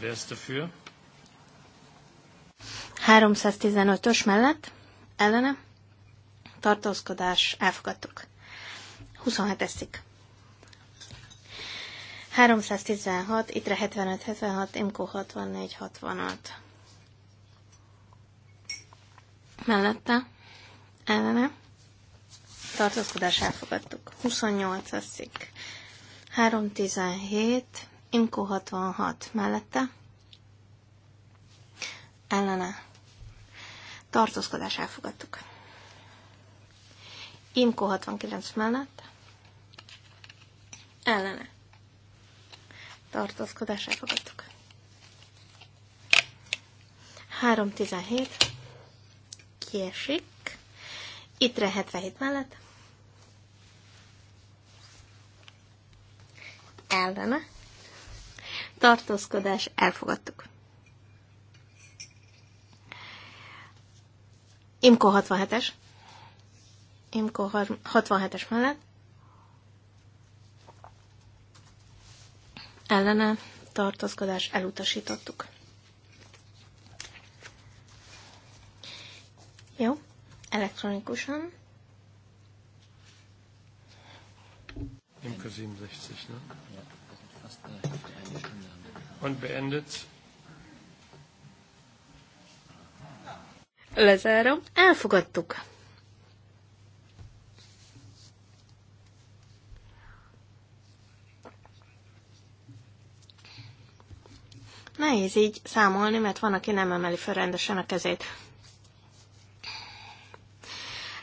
Wer ist dafür? 315-ös mellett ellene tartózkodás elfogadtuk. 27 szik. 316, ittre 75, 76, MK 64, 66. Mellette, ellene, tartózkodás elfogadtuk. 28 szik. 317, imkó 66 mellette, ellene tartózkodás elfogadtuk. Imko 69 mellett ellene tartózkodás elfogadtuk. 317 kiesik. Ittre 77 mellett ellene tartózkodás elfogadtuk. Imko 67-es. Imko 67-es mellett. Ellene tartózkodás elutasítottuk. Jó, elektronikusan. Imko 67, ne? Und beendet. Lezárom. Elfogadtuk. Nehéz így számolni, mert van, aki nem emeli fel rendesen a kezét.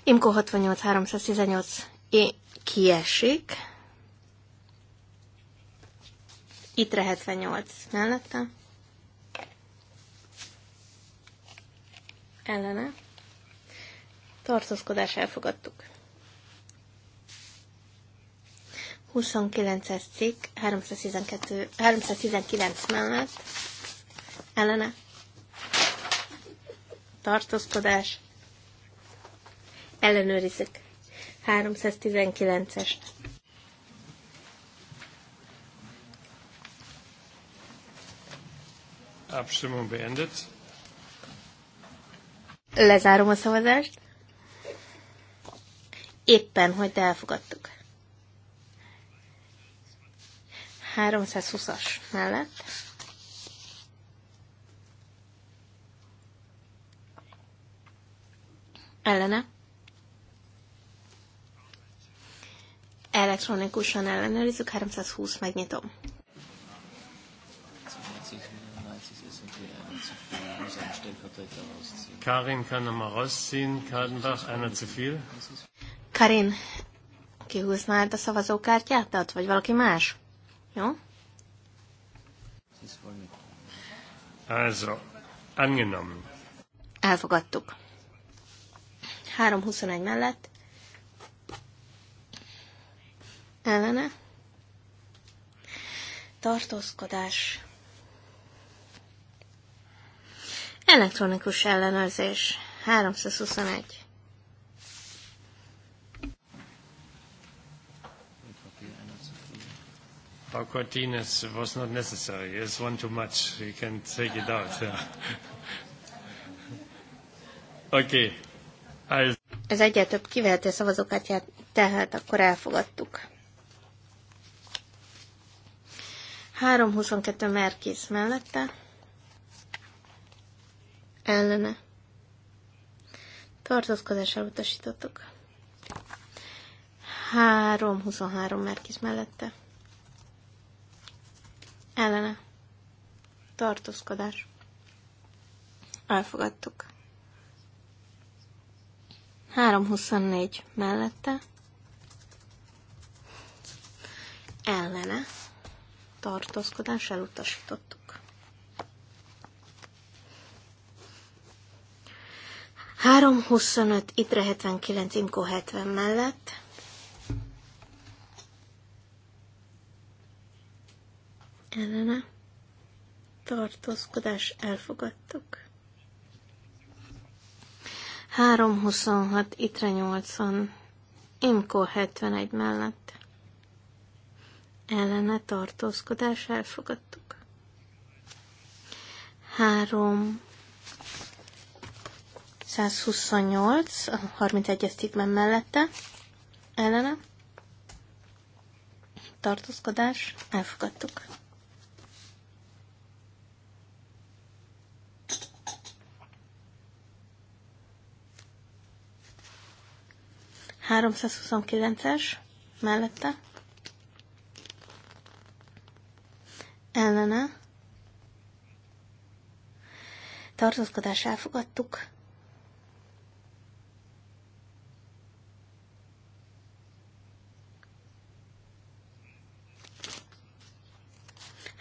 Imko 68 318 é, kiesik. Itt 78 mellettem. ellene tartózkodás elfogadtuk. 29-es cikk, 312, 319 mellett ellene tartózkodás ellenőrizzük 319 es Abstimmung beendet. Lezárom a szavazást. Éppen, hogy elfogadtuk. 320-as mellett. Ellene. Elektronikusan ellenőrizzük, 320 megnyitom. Karin kann nochmal rausziehen. Kadenbach, einer zu viel. Karin, kihúznád a szavazókártyádat, vagy valaki más? Jó? Also, angenommen. Elfogadtuk. 3.21 mellett. Ellene. Tartózkodás Elektronikus ellenőrzés. 321. Frau Cortines was not necessary. It's one too much. You can take it out. Yeah. okay. I... Ez egyre több kivehető szavazókártyát, tehát akkor elfogadtuk. 322 Merkész mellette ellene tartózkodás elutasítottuk. 3-23 Merkiz mellette. Ellene. Tartózkodás. Elfogadtuk. 3-24 mellette. Ellene. Tartózkodás elutasítottuk. 325, ITRE 79, IMKO 70 mellett. Ellene. Tartózkodás elfogadtuk. 326, ITRE 80, IMKO 71 mellett. Ellene tartózkodás elfogadtuk. 3 128, a 31-es cikkben mellette, ellene, tartózkodás, elfogadtuk. Háromszázhuszonkilences, mellette, ellene, tartózkodás elfogadtuk.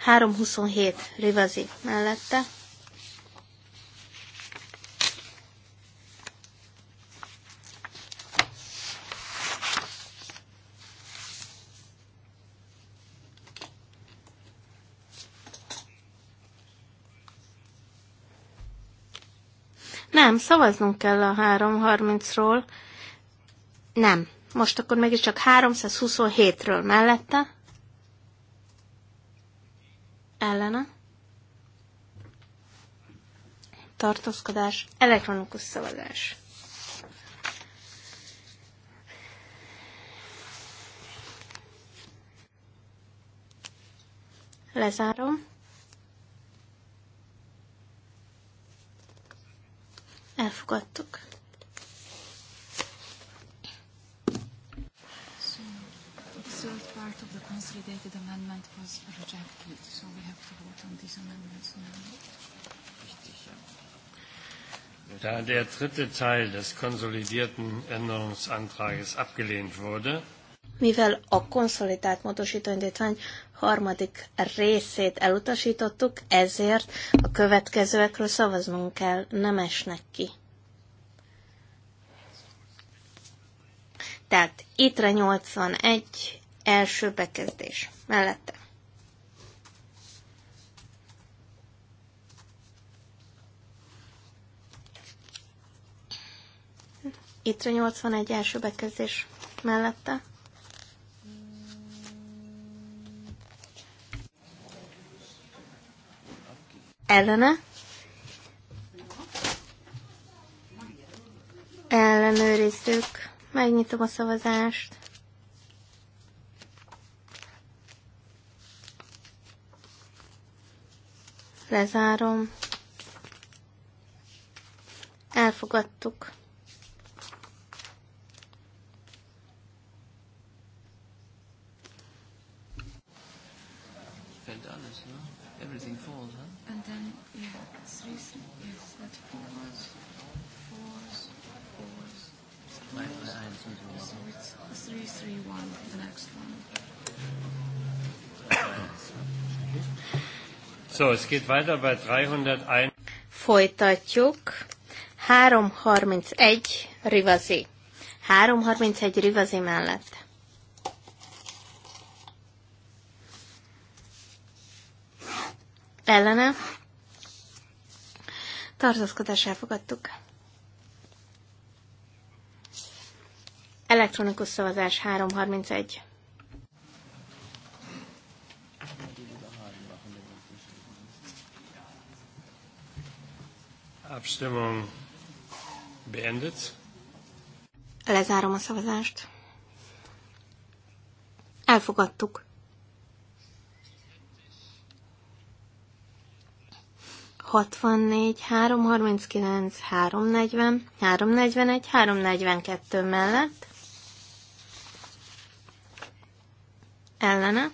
327 Rivazi mellette. Nem, szavaznunk kell a 330-ról. Nem. Most akkor mégiscsak 327-ről mellette ellene tartózkodás, elektronikus szavazás. Lezárom. Elfogadtuk. part of the consolidated amendment was rejected, so we have to vote on these amendments now. Da der dritte Teil des konsolidierten Änderungsantrages abgelehnt wurde, mivel a konszolidált módosítóindítvány harmadik részét elutasítottuk, ezért a következőekről szavaznunk kell, nem esnek ki. Tehát ittre 81, első bekezdés. Mellette. Itt a 81 első bekezdés mellette. Ellene. Ellenőrizzük. Megnyitom a szavazást. Lezárom. Elfogadtuk. Three, three, one, the next one. So, es geht weiter bei 301. Folytatjuk. 331 Rivazi. 331 Rivazi mellett. Ellene. Tartózkodás elfogadtuk. Elektronikus szavazás 331. Abstimmung beendet. Lezárom a szavazást. Elfogadtuk. Hatvan négy, három harminc kilenc, három negyven, három negyven egy, három negyven kettő mellett. Ellene.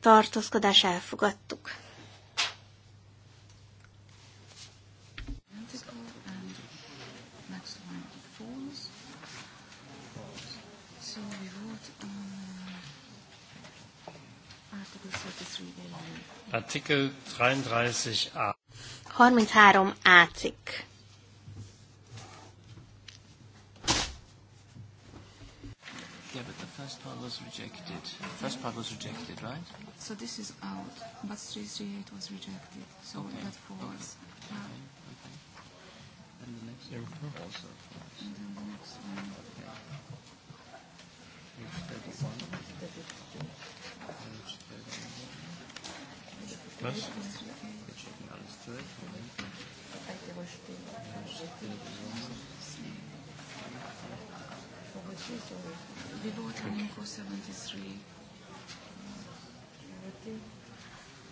Tartózkodás elfogadtuk. Artikel 33a. 33a cikk. Yeah, but the first part was rejected. The first part was rejected, right? So this is out, but 338 was rejected. So okay. that falls. Okay. Yeah. Okay. okay. And the next one yeah. also falls. And then the next one. Okay. Page 31. Page Was?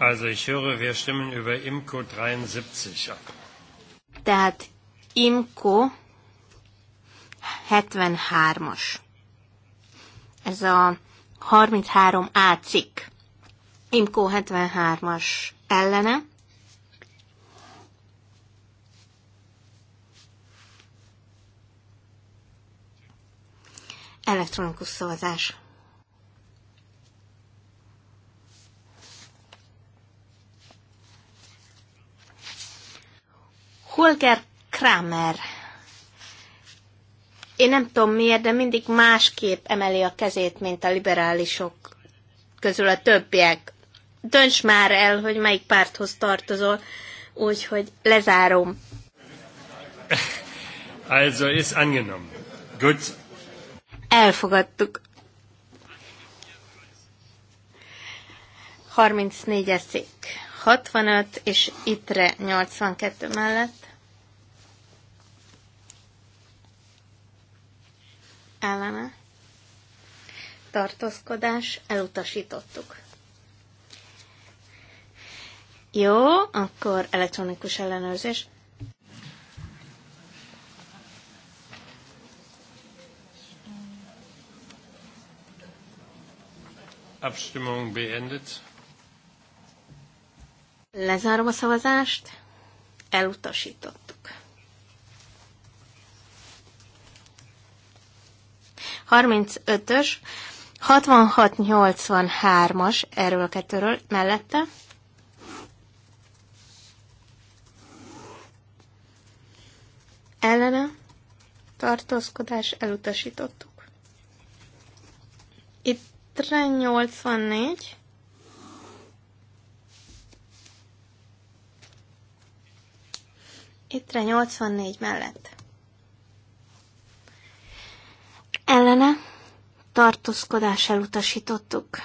Also ich höre, wir stimmen über Imco 73 ab. Tehát Imco 73-as. Ez a 33A cikk. Imkó 73-as ellene. Elektronikus szavazás. Holger Kramer. Én nem tudom miért, de mindig másképp emeli a kezét, mint a liberálisok közül a többiek dönts már el, hogy melyik párthoz tartozol, úgyhogy lezárom. Also ist angenommen. Gut. Elfogadtuk. 34 szik. 65 és itre 82 mellett. Ellene. Tartózkodás. Elutasítottuk. Jó, akkor elektronikus ellenőrzés. Abstimmung beendet. Lezárom a szavazást. Elutasítottuk. Harminc ös 66 66-83-as erről a kettőről mellette. ellene tartózkodás elutasítottuk. Itt 84, Itt 84 mellett. Ellene tartózkodás elutasítottuk.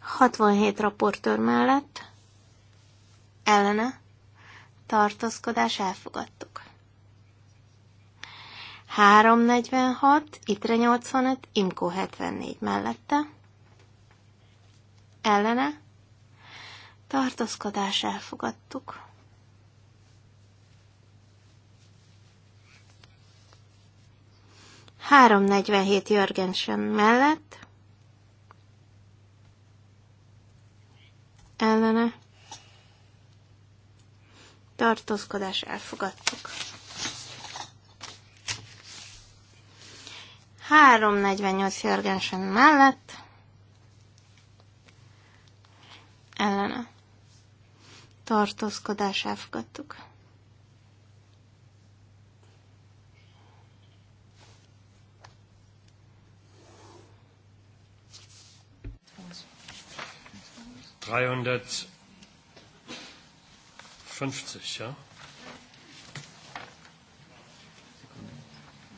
67 raportőr mellett. Ellene tartózkodás elfogadtuk. 346, Itre 85, Imkó 74 mellette. Ellene. Tartózkodás elfogadtuk. Három negyvenhét Jörgensen mellett. Ellene tartózkodás elfogadtuk. 348 Jörgensen mellett ellene tartózkodás elfogadtuk. Dreihundert 50, ja?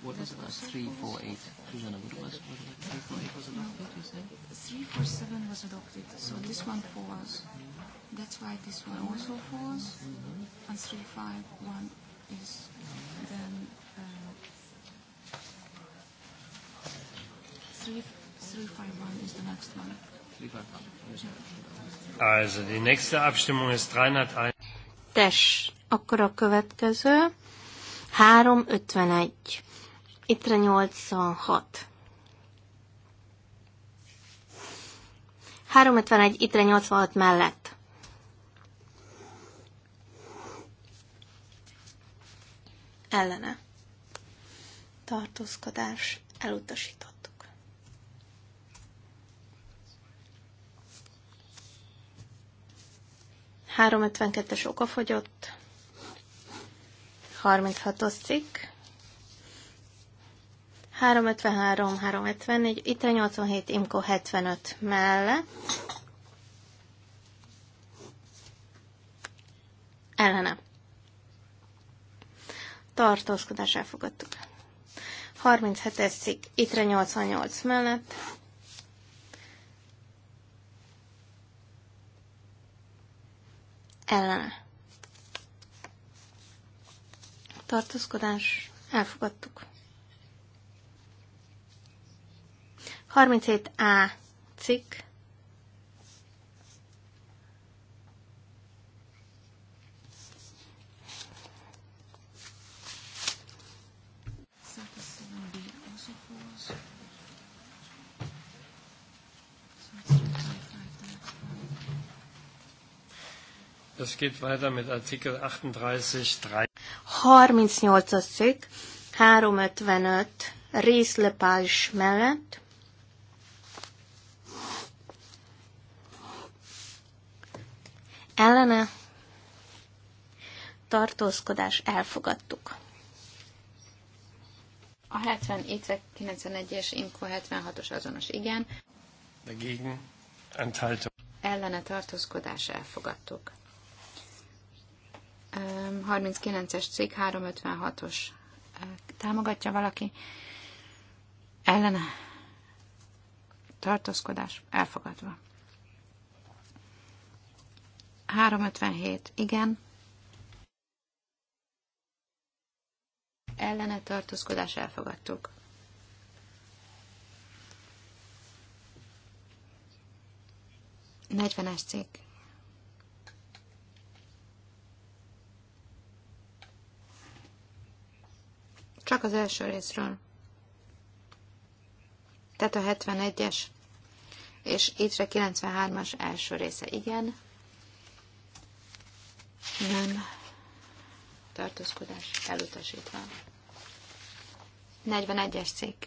What was the last? 348. Susanna, what was, what was it? 348 was adopted, you said? 347 was adopted, so this one falls. That's why this one also falls. Mm-hmm. And 351 is then. Uh, three, 351 is the next one. Also die nächste Abstimmung ist 301. Tes, akkor a következő. 351. Ittre 86. 351, ittre 86 mellett. Ellene. Tartózkodás elutasított. 352-es okafogyott, 36-os cikk, 353, 374, itt a 87, Imko 75 mellett, ellene. Tartózkodás elfogadtuk. 37-es cikk, itt a 88 mellett, ellene. Tartózkodás, elfogadtuk. 37A cikk, Es geht weiter mit Artikel 38, 3. 38 355 részlepás mellett. Ellene tartózkodás elfogadtuk. A 70 ICE 91-es Inko 76-os azonos igen. Dagegen Enthaltung. Ellene tartózkodás elfogadtuk. 39-es cikk, 356-os. Támogatja valaki? Ellene? Tartózkodás elfogadva. 357. Igen. Ellene tartózkodás elfogadtuk. 40-es cikk. Csak az első részről. Tehát a 71-es és itt a 93-as első része. Igen. Nem. Tartózkodás elutasítva. 41-es cikk.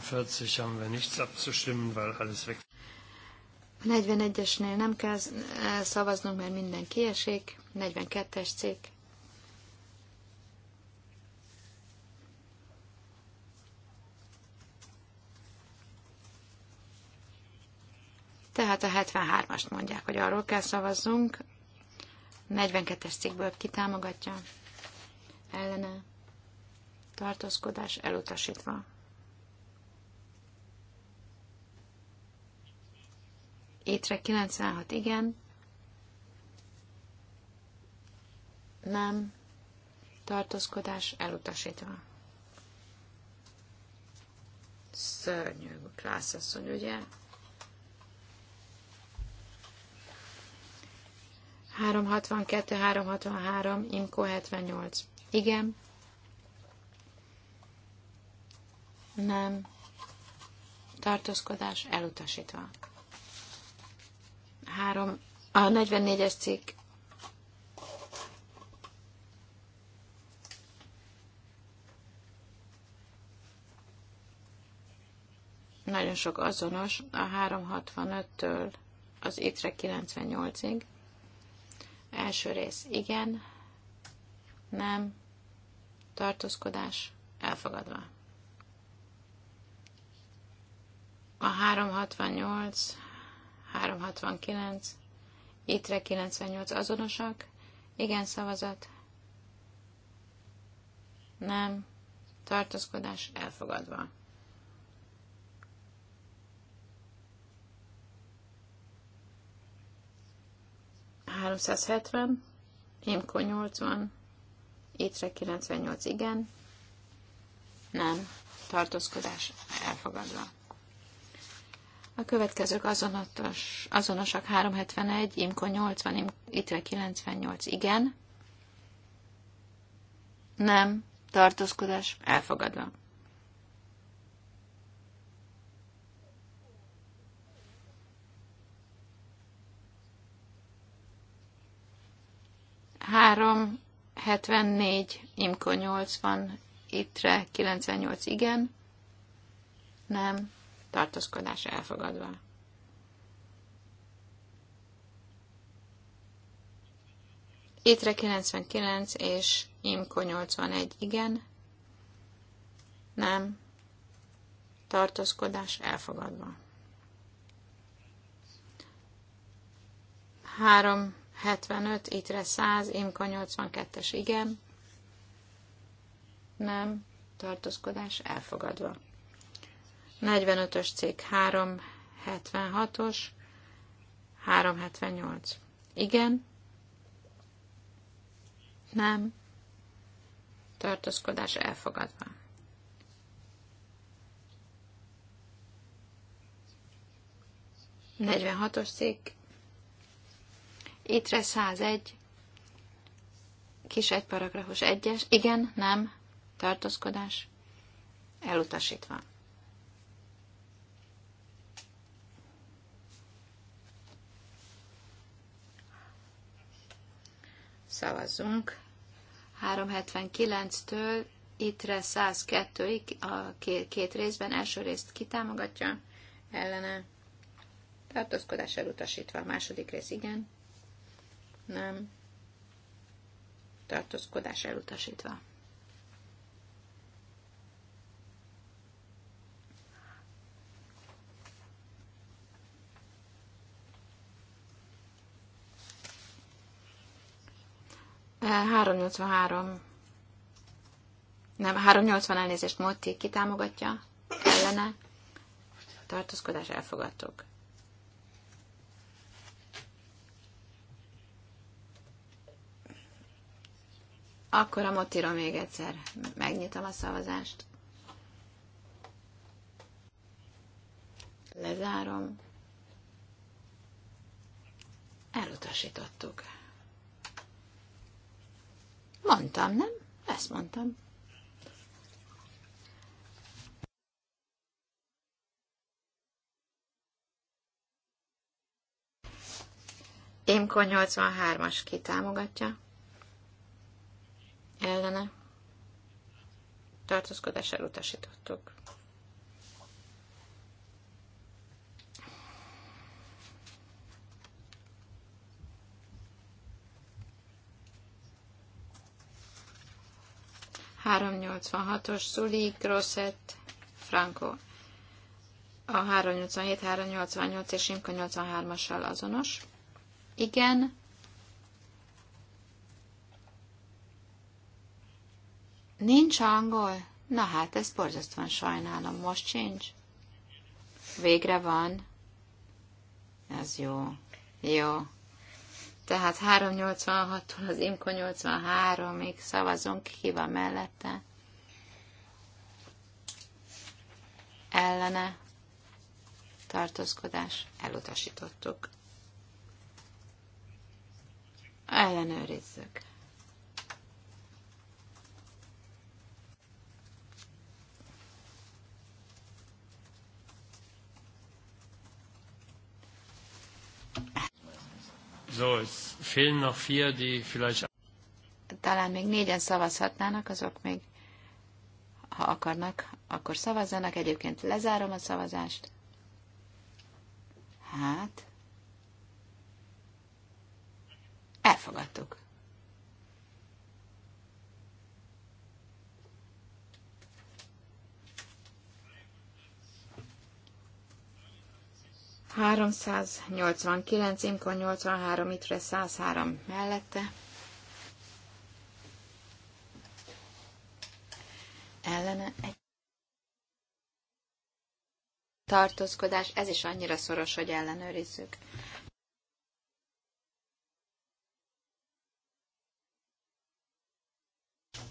49 haben wir nichts abzustimmen, weil alles weg. A 41-esnél nem kell szavaznunk, mert minden kiesik. 42-es cikk. Tehát a 73-ast mondják, hogy arról kell szavazzunk. 42-es cikkből kitámogatja. Ellene. Tartózkodás elutasítva. Étre 96 igen. Nem. Tartózkodás elutasítva. Szörnyű krászasszony, ugye? három 363, Imko 78. Igen. Nem. Tartózkodás elutasítva. 3, a 44-es cikk nagyon sok azonos a 365-től az étre 98-ig. Első rész igen, nem, tartózkodás elfogadva. A 368, 369, ittre 98 azonosak, igen szavazat, nem, tartózkodás elfogadva. Háromszázhetven, Imko 80, Étre 98, igen, nem, tartózkodás elfogadva. A következők azonatos, azonosak 371, IMKO 80, ITRE 98, igen. Nem, tartózkodás elfogadva. Három, 74, Imko 80, Itre 98, igen. Nem, tartózkodása elfogadva. Étre 99 és Imko 81, igen, nem, tartózkodás elfogadva. 375, étre 100, Imko 82-es, igen, nem, tartózkodás elfogadva. 45-ös cég 376-os, 378. Igen. Nem. Tartózkodás elfogadva. Negyvenhatos cikk. Ittre 101. Kis egy paragrafus egyes. Igen, nem. Tartózkodás. Elutasítva. Szavazzunk. 379-től ittre 102-ig a két, két részben. Első részt kitámogatja, ellene. Tartózkodás elutasítva. A második rész igen. Nem. Tartózkodás elutasítva. 383. Nem, 380 elnézést Motti kitámogatja. Ellene. Tartózkodás elfogadtuk. Akkor a motiról még egyszer megnyitom a szavazást. Lezárom. Elutasítottuk. Mondtam, nem? Ezt mondtam. Imko 83-as ki támogatja? Ellene? Tartózkodás elutasítottuk. 386-os Szuli, Grosset, Franco. A 387, 388 és Simka 83-assal azonos. Igen. Nincs angol? Na hát, ez borzasztóan sajnálom. Most sincs. Végre van. Ez jó. Jó. Tehát 386-tól az IMKO 83 még szavazunk, ki van mellette. Ellene tartózkodás elutasítottuk. Ellenőrizzük. So, es fehlen noch vier, die vielleicht... Talán még négyen szavazhatnának, azok még, ha akarnak, akkor szavazzanak. Egyébként lezárom a szavazást. Hát, elfogadtuk. 389, Imko 83, Itre 103 mellette. Ellene egy tartózkodás, ez is annyira szoros, hogy ellenőrizzük.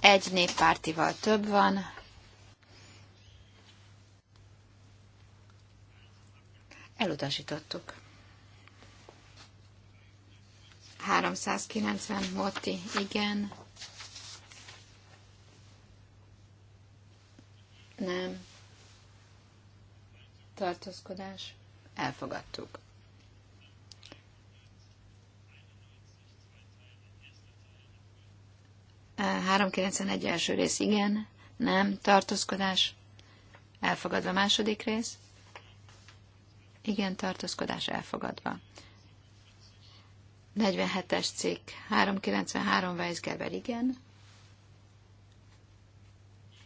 Egy néppártival több van, Elutasítottuk. 390 moti, igen. Nem. Tartózkodás. Elfogadtuk. A 391 első rész, igen. Nem. Tartózkodás. Elfogadva második rész igen tartózkodás elfogadva. 47-es cikk, 393 Weisgerber, igen.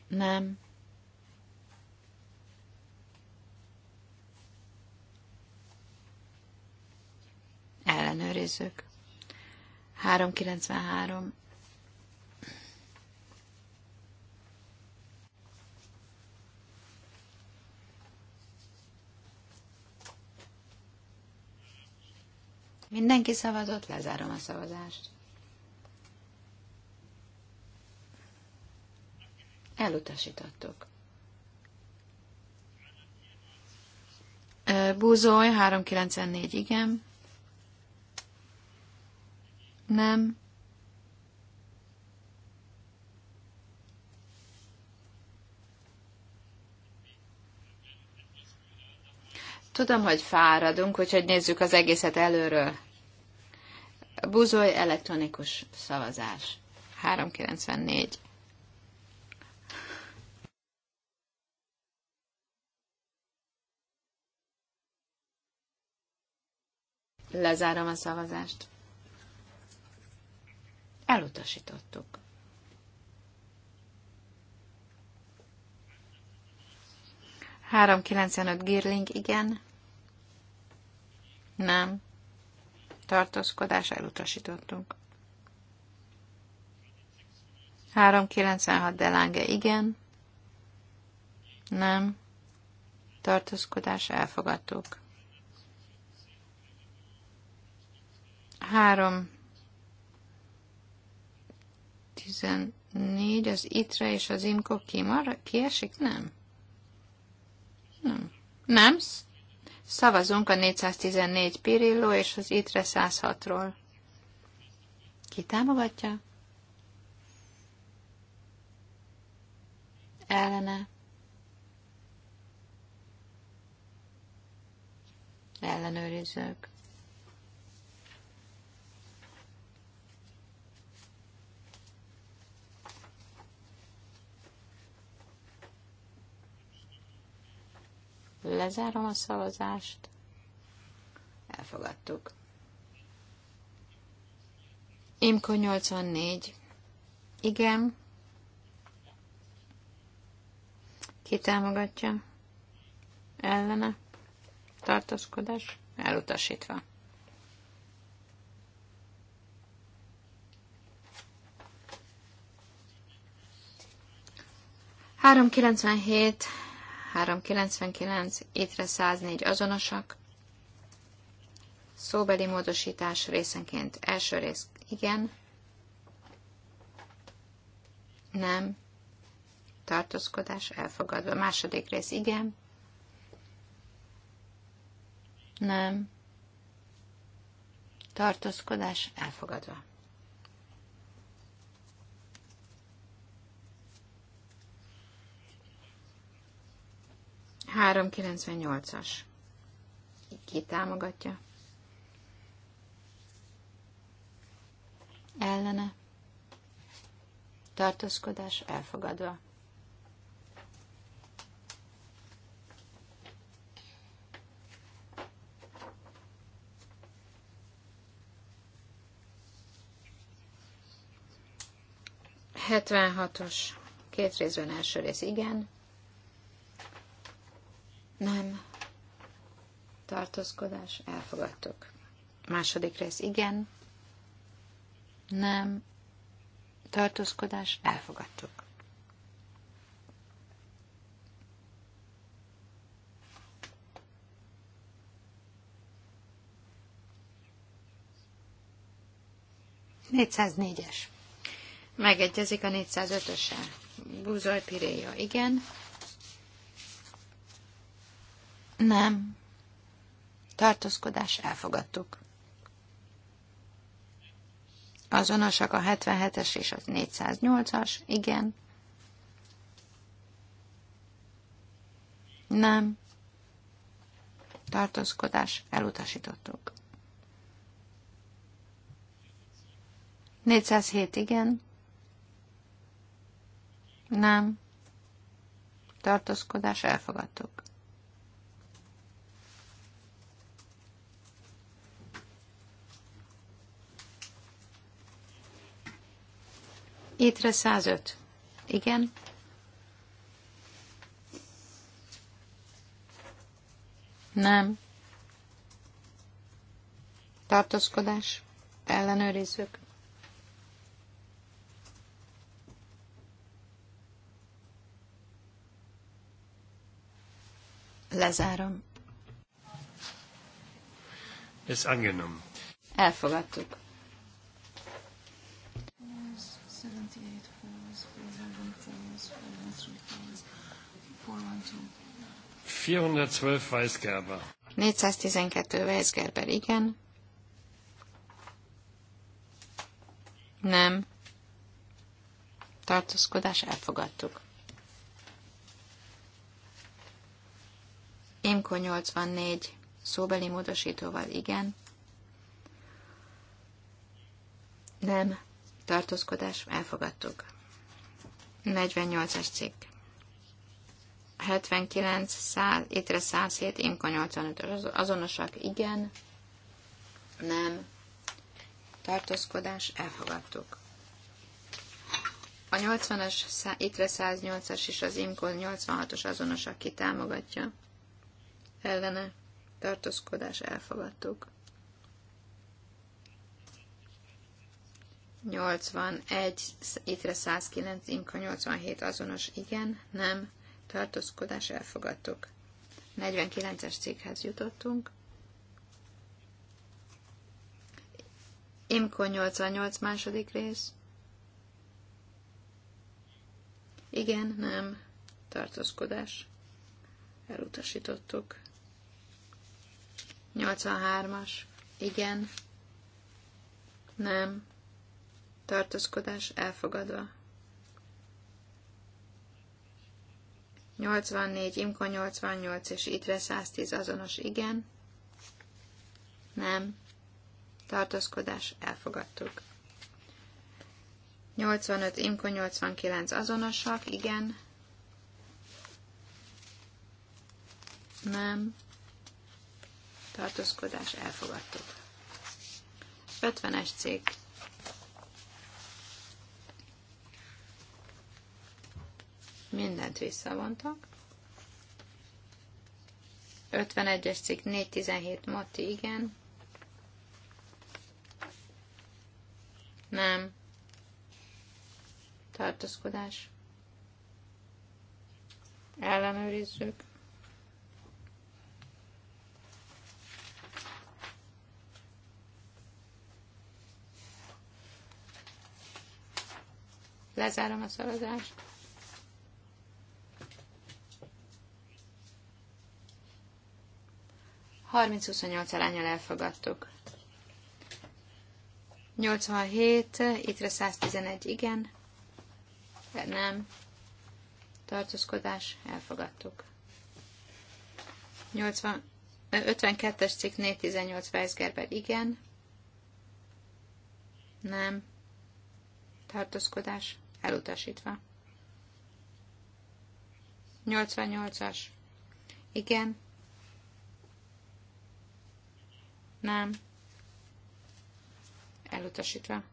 Nem. Ellenőrizzük. 393 Mindenki szavazott, lezárom a szavazást. Elutasítottuk. Búzoly, 394, igen. Nem. Tudom, hogy fáradunk, úgyhogy nézzük az egészet előről. Buzoly elektronikus szavazás. 394. Lezárom a szavazást. Elutasítottuk. 395 Girling, igen. Nem. Tartózkodás elutasítottunk. 396 Delange, igen. Nem. Tartózkodás elfogadtuk. 3 14 az itre és az imko kimar, kiesik, nem? Nem. Nem? Szavazunk a 414 Pirilló és az ITRE 106-ról. Ki támogatja? Ellene. Ellenőrizők. Lezárom a szavazást. Elfogadtuk. Imko 84. Igen. Ki támogatja? Ellene? Tartózkodás? Elutasítva. Három kilencvenhét 399, étre 104 azonosak. Szóbeli módosítás részenként első rész igen, nem, tartózkodás elfogadva. Második rész igen, nem, tartózkodás elfogadva. 398-as. Ki támogatja? Ellene. Tartózkodás elfogadva. Hetvenhatos. Két részben első rész igen, nem. Tartózkodás. Elfogadtuk. Második rész. Igen. Nem. Tartózkodás. Elfogadtuk. Négyszáznégyes. Megegyezik a 405-össel. Búzolj, Piréja, igen. Nem. Tartózkodás elfogadtuk. Azonosak a 77-es és az 408-as? Igen. Nem. Tartózkodás elutasítottuk. 407 igen. Nem. Tartózkodás elfogadtuk. Étre 105. Igen. Nem. Tartózkodás. Ellenőrizzük. Lezárom. Ez angenom. Elfogadtuk. 412 Weisgerber. 412 Weisgerber, igen. Nem. Tartózkodás elfogadtuk. Imko 84 szóbeli módosítóval igen. Nem. Tartózkodás elfogadtuk. 48-as cikk. 79, 100, étre 107, Imka 85 azonosak, igen, nem, tartózkodás, elfogadtuk. A 80-as, ittre 108-as és az IMCO 86-os azonos, aki támogatja. Ellene tartózkodás elfogadtuk. 81, itre 109, IMCO 87 azonos, igen, nem, tartózkodás elfogadtuk. 49-es céghez jutottunk. Imko 88 második rész. Igen, nem, tartózkodás. Elutasítottuk. 83-as. Igen, nem, tartózkodás elfogadva. 84, Imka 88 és Itre 110 azonos igen, nem, tartózkodás elfogadtuk. 85, Imka 89 azonosak, igen, nem, tartózkodás elfogadtuk. 51 cég Mindent visszavontak. 51-es cikk 417 Mati, igen. Nem. Tartózkodás. Ellenőrizzük. Lezárom a szavazást. 30-28 arányal elfogadtuk. 87, ittre 111 igen, nem, tartózkodás, elfogadtuk. 80, 52-es cikk 418 Weisgerber igen, nem, tartózkodás, elutasítva. 88-as, igen, Nem. Elutasítva.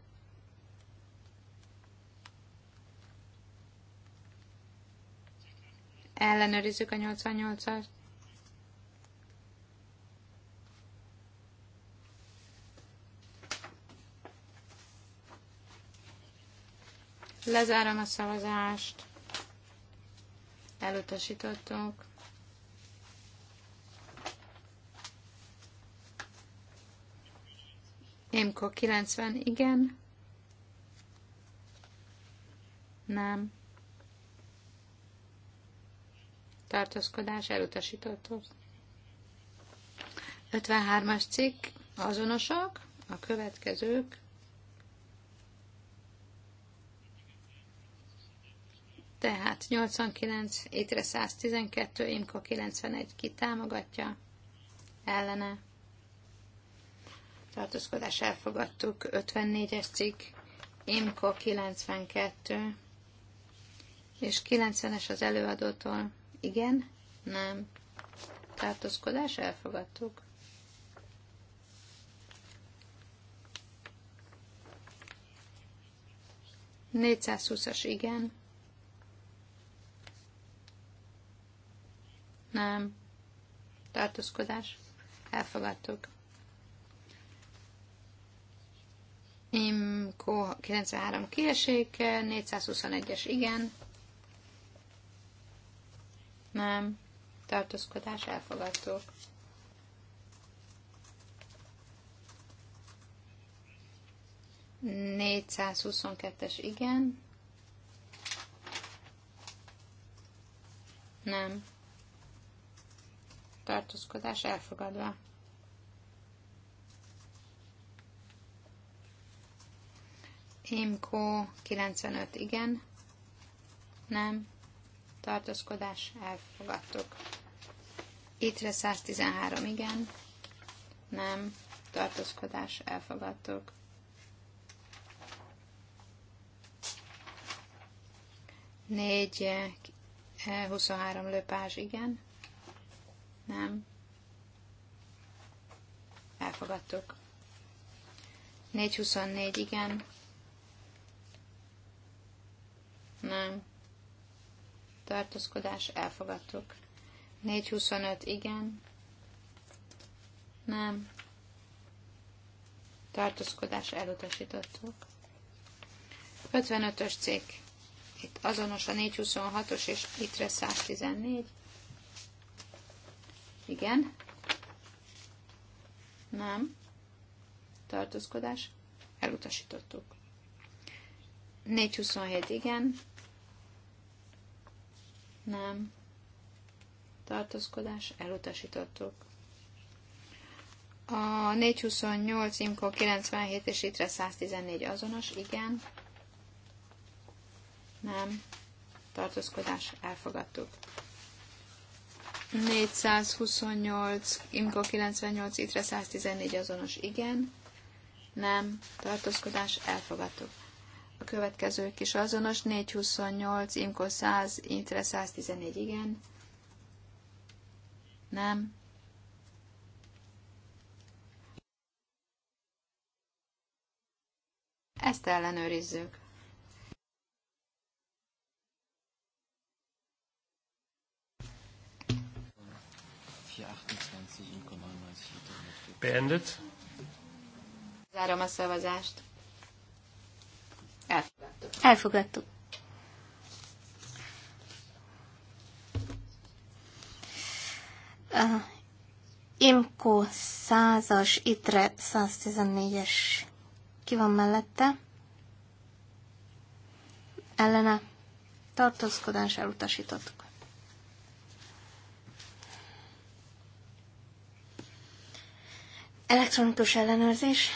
Ellenőrizzük a 88-at. Lezárom a szavazást. Elutasítottuk. Émko 90, igen. Nem. Tartózkodás elutasított. 53-as cikk azonosak, a következők. Tehát 89, étre 112, Imko 91 ki támogatja, ellene tartózkodás elfogadtuk, 54-es cikk, IMCO 92, és 90-es az előadótól. Igen? Nem. Tartózkodás elfogadtuk. Négyszázhúszas igen. Nem. Tartózkodás. Elfogadtuk. Imko 93 kiesék, 421-es igen. Nem. Tartózkodás elfogadtuk. huszonkettes igen. Nem. Tartózkodás elfogadva. Imko 95 igen, nem, tartózkodás, elfogadtuk. Itre 113 igen, nem, tartózkodás, elfogadtuk. Négy, 23 eh, löpás, igen. Nem. Elfogadtuk. 424, igen. Nem. Tartózkodás elfogadtuk. 425 igen. Nem. Tartózkodás elutasítottuk. 55-ös cikk. Itt azonos a 426-os és ittre 114. Igen. Nem. Tartózkodás. Elutasítottuk. 427 igen. Nem. Tartózkodás elutasítottuk. A 428, Imko 97 és Itre 114 azonos, igen. Nem. Tartózkodás elfogadtuk. 428, Imko 98, Itre 114 azonos, igen. Nem. Tartózkodás elfogadtuk következő kis azonos, 428, Imko 100, Intre 114, igen. Nem. Ezt ellenőrizzük. Beendet. Zárom a szavazást. Elfogadtuk. Uh, Imko 100-as, Itre 114-es. Ki van mellette? Ellene tartózkodás elutasítottuk. Elektronikus ellenőrzés.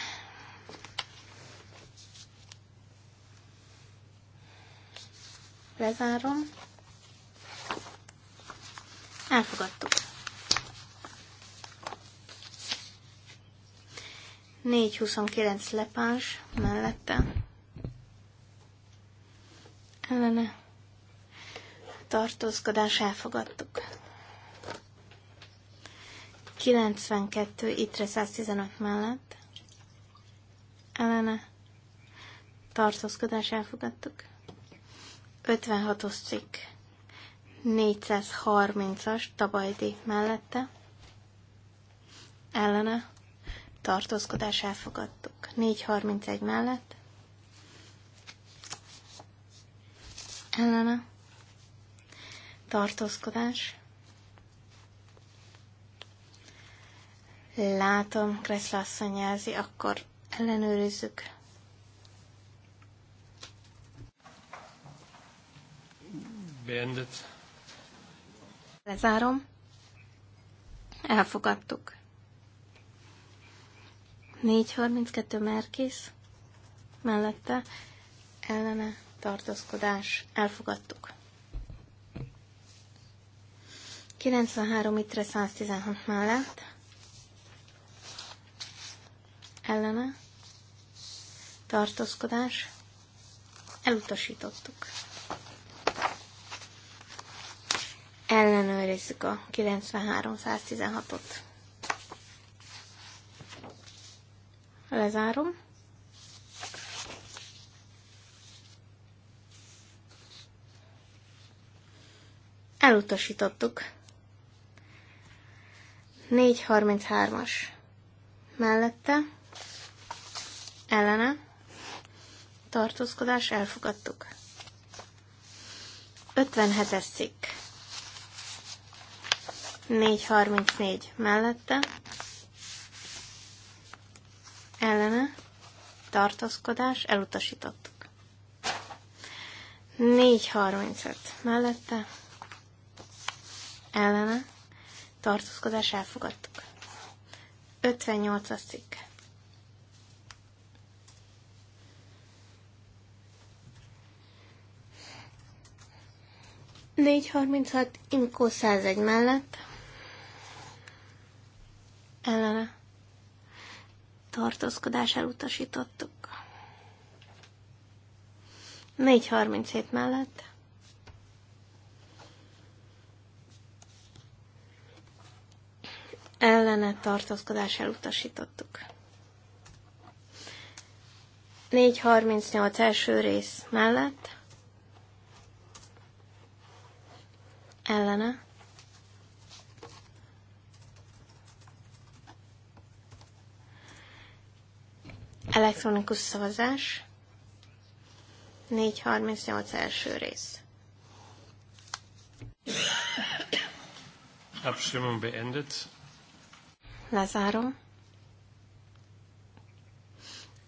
Lezárom. Elfogadtuk. Négy huszonkilenc lepás mellette. Ellene. Tartózkodás elfogadtuk. 92 itre 115 mellett. Ellene. Tartózkodás elfogadtuk. 56-os cikk. 430-as Tabajdi mellette. Ellene. Tartózkodás elfogadtuk. 431 mellett. Ellene. Tartózkodás. Látom, Kressla jelzi, akkor ellenőrizzük. beendet. Lezárom. Elfogadtuk. 432 Merkész mellette ellene tartózkodás. Elfogadtuk. 93 itre 116 mellett ellene tartózkodás. Elutasítottuk. ellenőrizzük a 93-116-ot. Lezárom. Elutasítottuk. 433-as. Mellette, ellene, tartózkodás elfogadtuk. 57-es cikk 4.34 mellette, ellene, tartózkodás, elutasítottuk. 4.35 mellette, ellene, tartózkodás, elfogadtuk. 58-as cikk. Négy harminchat, Imkó 101 mellett ellene tartózkodás elutasítottuk. 4.37 mellett ellene tartózkodás elutasítottuk. 4.38 első rész mellett ellene Elektronikus szavazás. 438 első rész. Abstimmung beendet. Lezárom.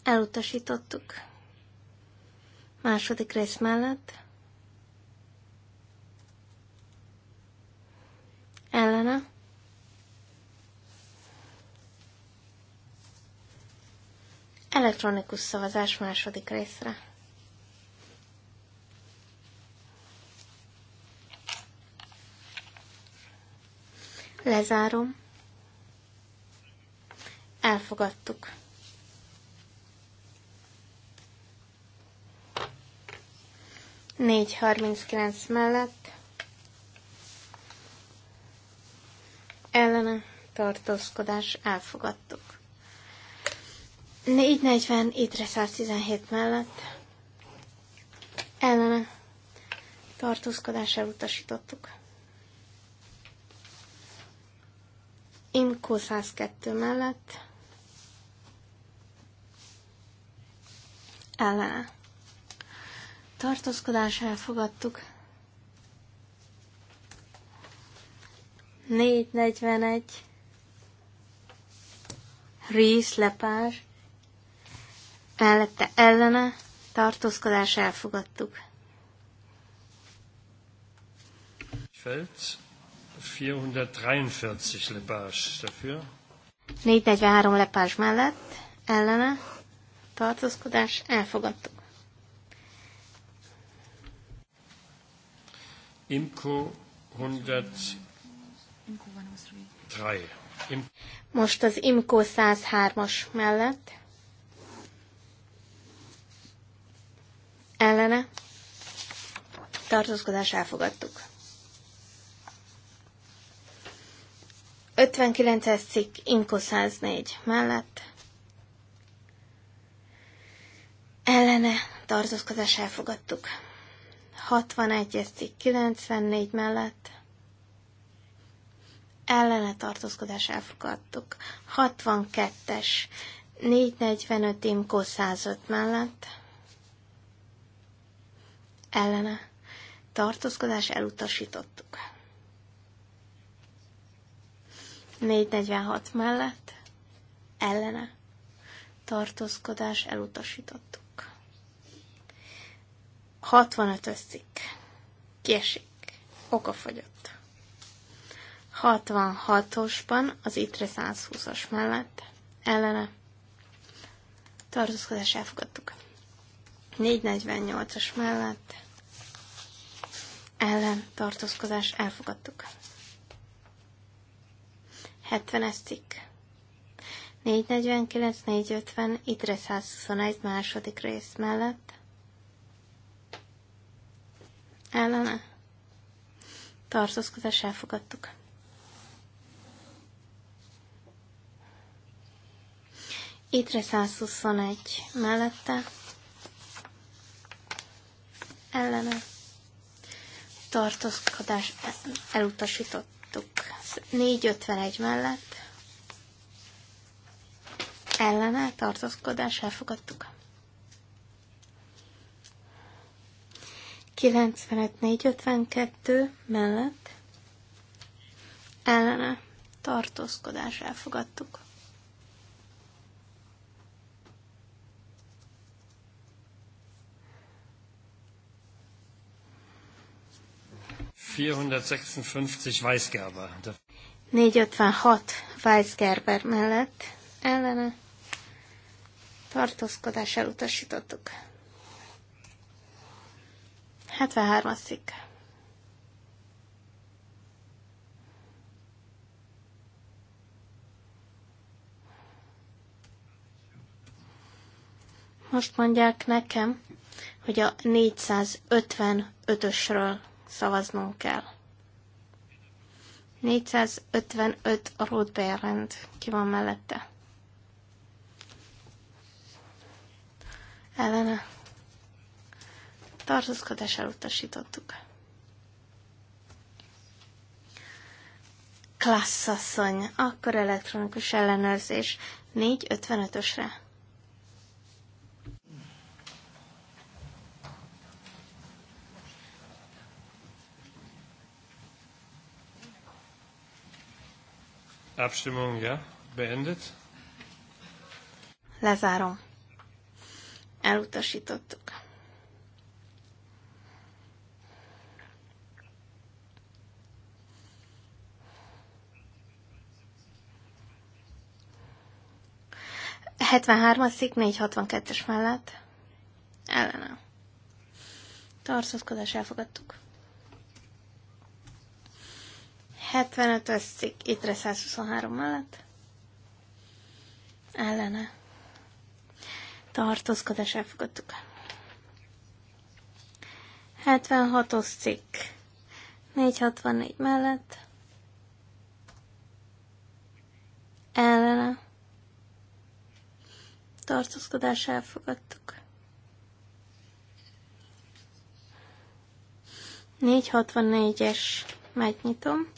Elutasítottuk. Második rész mellett. Ellene. Elektronikus szavazás második részre. Lezárom. Elfogadtuk. Négy harminckilenc mellett. Ellene tartózkodás elfogadtuk. 440, ittre 117 mellett ellene tartózkodásra utasítottuk. Imco 102 mellett ellene tartózkodásra fogadtuk. 441 részlepás mellette ellene tartózkodás elfogadtuk. Feld 443 lepás dafür. 443 Lepage mellett ellene tartózkodás elfogadtuk. Imko 103. Most az Imko 103-as mellett ellene tartózkodás elfogadtuk. 59-es cikk, Inko 104 mellett ellene tartózkodás elfogadtuk. 61-es cikk, 94 mellett ellene tartózkodás elfogadtuk. 62-es 445 Imko 105 mellett ellene tartózkodás elutasítottuk. 446 mellett ellene tartózkodás elutasítottuk. 65-ös cikk. Kiesik. Okafogyott. 66-osban az ITRE 120-as mellett ellene tartózkodás elfogadtuk. 448-as mellett ellen tartózkodás elfogadtuk. 70 cikk. 449, 450, itre 121 második rész mellett. Ellene. Tartózkodás elfogadtuk. Itre 121 mellette. Ellene tartózkodás elutasítottuk. 451 mellett ellene tartózkodás elfogadtuk. 95452 mellett ellene tartózkodás elfogadtuk. 456 Weisgerber. 456 Weisgerber mellett ellene tartózkodás elutasítottuk. 73 szik. Most mondják nekem, hogy a 455-ösről szavaznunk kell. 455 a Ruth Berend. Ki van mellette? Ellene. Tartózkodás elutasítottuk. Klasszasszony. Akkor elektronikus ellenőrzés 455-ösre. Abstimmung, ja, beendet. Lezárom. Elutasítottuk. A 73-aszik 462 mellett ellenem. Tartózkodás elfogadtuk. 75 összik, ittre 123 mellett. Ellene. Tartózkodás elfogadtuk. 76-os 464 mellett. Ellene. Tartózkodás elfogadtuk. 464-es megnyitom.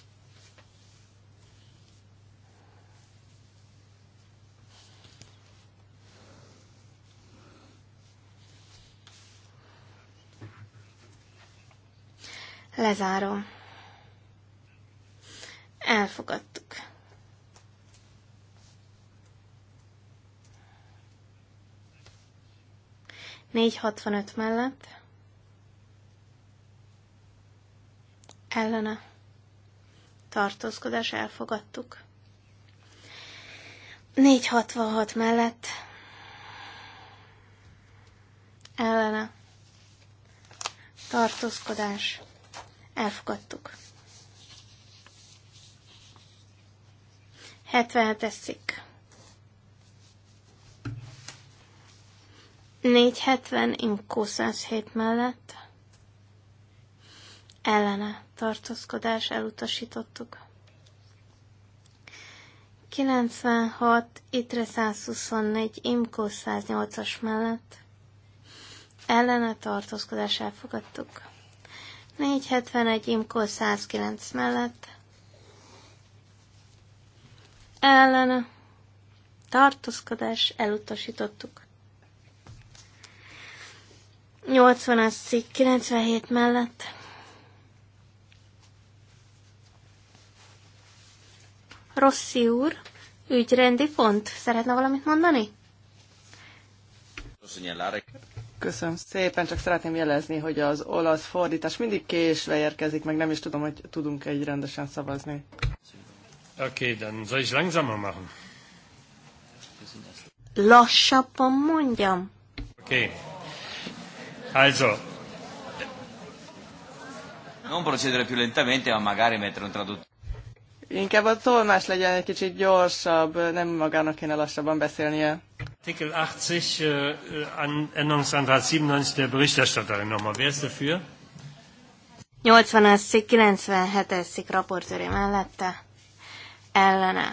Lezárom. Elfogadtuk. Négy hatvanöt mellett. Ellene. Tartózkodás elfogadtuk. hatvanhat mellett ellene tartózkodás Elfogadtuk. 77 eszik. 470 inkó 107 mellett ellene tartózkodás elutasítottuk. 96 Itre 124 Imkó 108-as mellett ellene tartózkodás elfogadtuk. 471 Imkó 109 mellett. Ellene. Tartózkodás elutasítottuk. 80-as cikk 97 mellett. Rossi úr, ügyrendi pont. Szeretne valamit mondani? Köszönöm szépen, csak szeretném jelezni, hogy az olasz fordítás mindig késve érkezik, meg nem is tudom, hogy tudunk egy rendesen szavazni. Oké, de dann soll ich langsamer machen? Lassabban mondjam. Oké. Okay. Also. Non procedere più lentamente, ma magari mettere un traduttore. Inkább a tolmás legyen egy kicsit gyorsabb, nem magának kéne lassabban beszélnie. Artikel 80, äh, äh Änderungsantrag 97 der Berichterstatterin nochmal. Wer ist dafür? 80-as cikk, 97-es cikk raportőri mellette ellene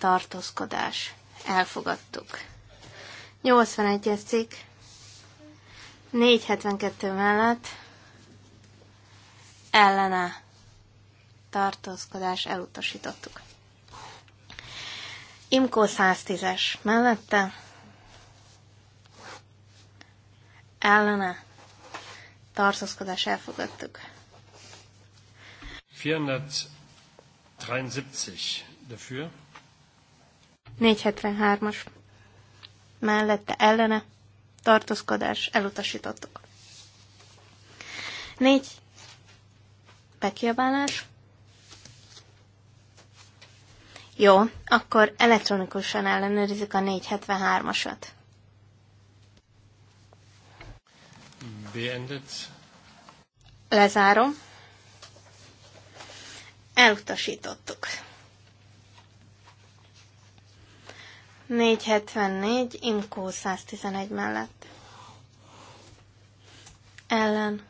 tartózkodás. Elfogadtuk. 81-es cikk 472 mellett ellene tartózkodás elutasítottuk. Imko 110-es mellette, ellene, tartózkodás elfogadtuk. 473 dafür. 473-as mellette, ellene, tartózkodás elutasítottuk. 4. Bekiabálás jó, akkor elektronikusan ellenőrizzük a 473-asat. Beendet. Lezárom. Elutasítottuk. 474, Imkó 111 mellett. Ellen.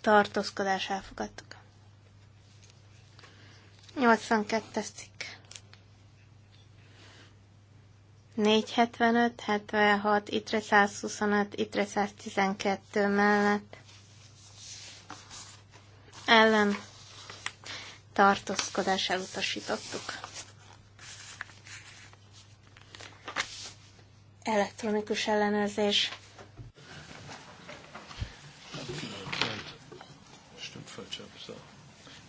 Tartózkodás elfogadtuk. 82-es cikk. 475, 76, itre 125, itre 112 mellett ellen tartózkodás elutasítottuk. Elektronikus ellenőrzés.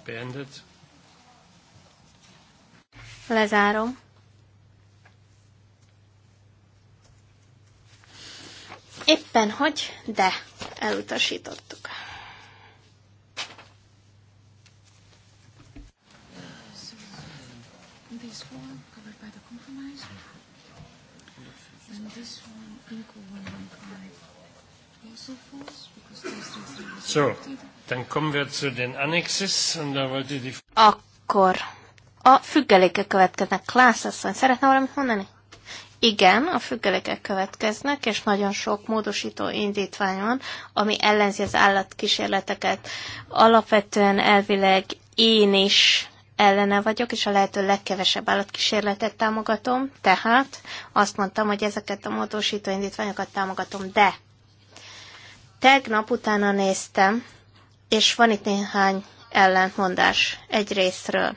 Beendet. Lezárom. Éppen hogy, de elutasítottuk. This the and Akkor a függelékek következnek. Klász asszony, szeretne valamit mondani? Igen, a függelékek következnek, és nagyon sok módosító indítvány van, ami ellenzi az állatkísérleteket. Alapvetően elvileg én is ellene vagyok, és a lehető legkevesebb állatkísérletet támogatom, tehát azt mondtam, hogy ezeket a módosító indítványokat támogatom, de tegnap utána néztem, és van itt néhány ellentmondás egy részről.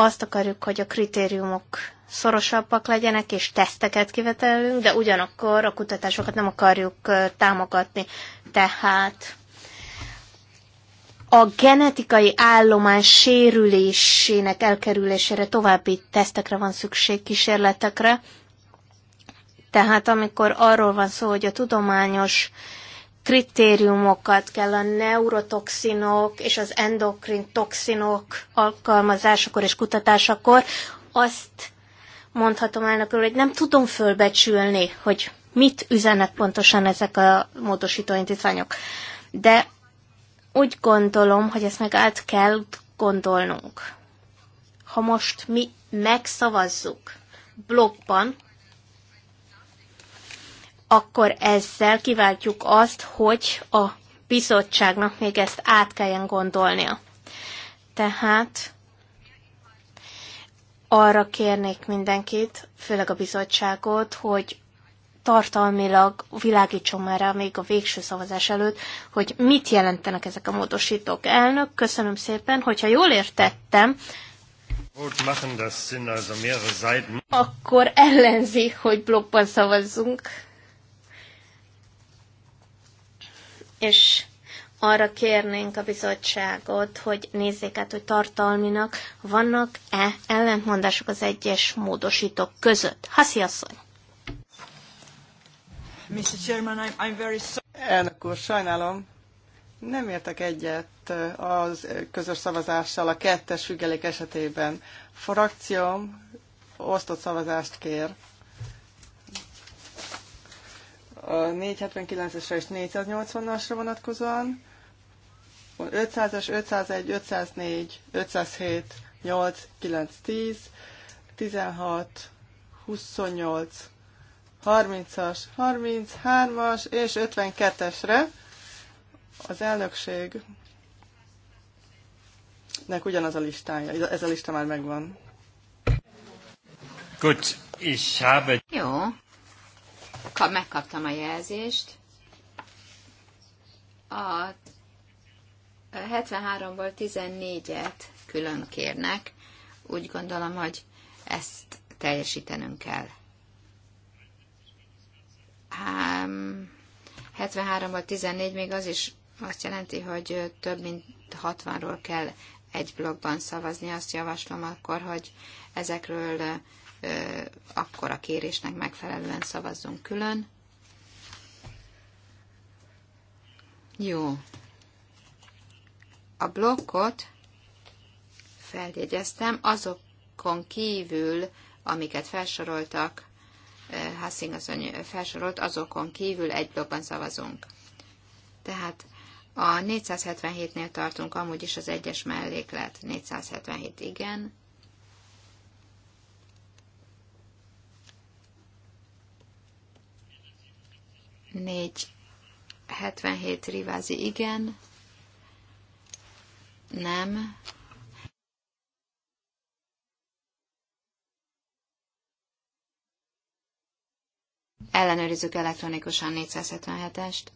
Azt akarjuk, hogy a kritériumok szorosabbak legyenek, és teszteket kivetelünk, de ugyanakkor a kutatásokat nem akarjuk támogatni. Tehát a genetikai állomány sérülésének elkerülésére további tesztekre van szükség, kísérletekre. Tehát amikor arról van szó, hogy a tudományos uh, kritériumokat kell a neurotoxinok és az endokrin toxinok alkalmazásakor és kutatásakor. Azt mondhatom elnök úr, hogy nem tudom fölbecsülni, hogy mit üzenek pontosan ezek a módosító intítványok. De úgy gondolom, hogy ezt meg át kell gondolnunk. Ha most mi megszavazzuk blogban, akkor ezzel kiváltjuk azt, hogy a bizottságnak még ezt át kelljen gondolnia. Tehát arra kérnék mindenkit, főleg a bizottságot, hogy tartalmilag világítson már rá még a végső szavazás előtt, hogy mit jelentenek ezek a módosítók. Elnök, köszönöm szépen, hogyha jól értettem, akkor ellenzi, hogy blokkban szavazzunk. és arra kérnénk a bizottságot, hogy nézzék át, hogy tartalminak vannak-e ellentmondások az egyes módosítók között. Haszi asszony! Mr. Chairman, I'm, I'm very sorry. Elnök úr, sajnálom, nem értek egyet az közös szavazással a kettes függelék esetében. Frakcióm osztott szavazást kér a 479-esre és 480-asra vonatkozóan, 500-as, 501, 504, 507, 8, 9, 10, 16, 28, 30-as, 33-as és 52-esre az elnökségnek ugyanaz a listája. Ez a lista már megvan. Gut, ich habe... Jó, megkaptam a jelzést. A 73-ból 14-et külön kérnek. Úgy gondolom, hogy ezt teljesítenünk kell. 73-ból 14 még az is azt jelenti, hogy több mint 60-ról kell egy blogban szavazni. Azt javaslom akkor, hogy ezekről akkor a kérésnek megfelelően szavazzunk külön. Jó. A blokkot feljegyeztem azokon kívül, amiket felsoroltak, Hassing asszony felsorolt, azokon kívül egy blokkban szavazunk. Tehát a 477-nél tartunk, amúgy is az egyes melléklet. 477 igen, 4, 77 rivázi igen, nem, Ellenőrizzük elektronikusan 477-est.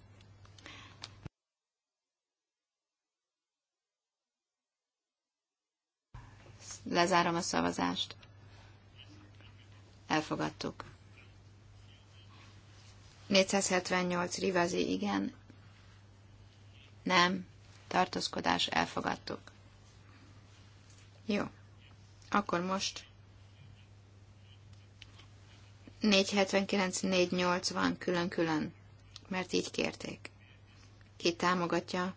Lezárom a szavazást. Elfogadtuk. 478 rivazi igen. Nem. Tartózkodás elfogadtuk. Jó. Akkor most 479-480 külön-külön, mert így kérték. Ki támogatja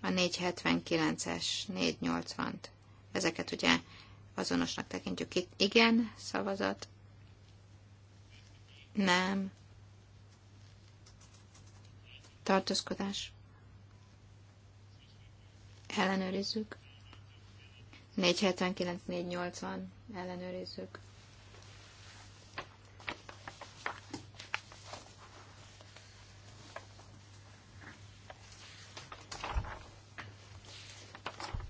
a 479-es 480-t? Ezeket ugye azonosnak tekintjük. igen, szavazat. Nem tartózkodás. Ellenőrizzük. 479-480 ellenőrizzük.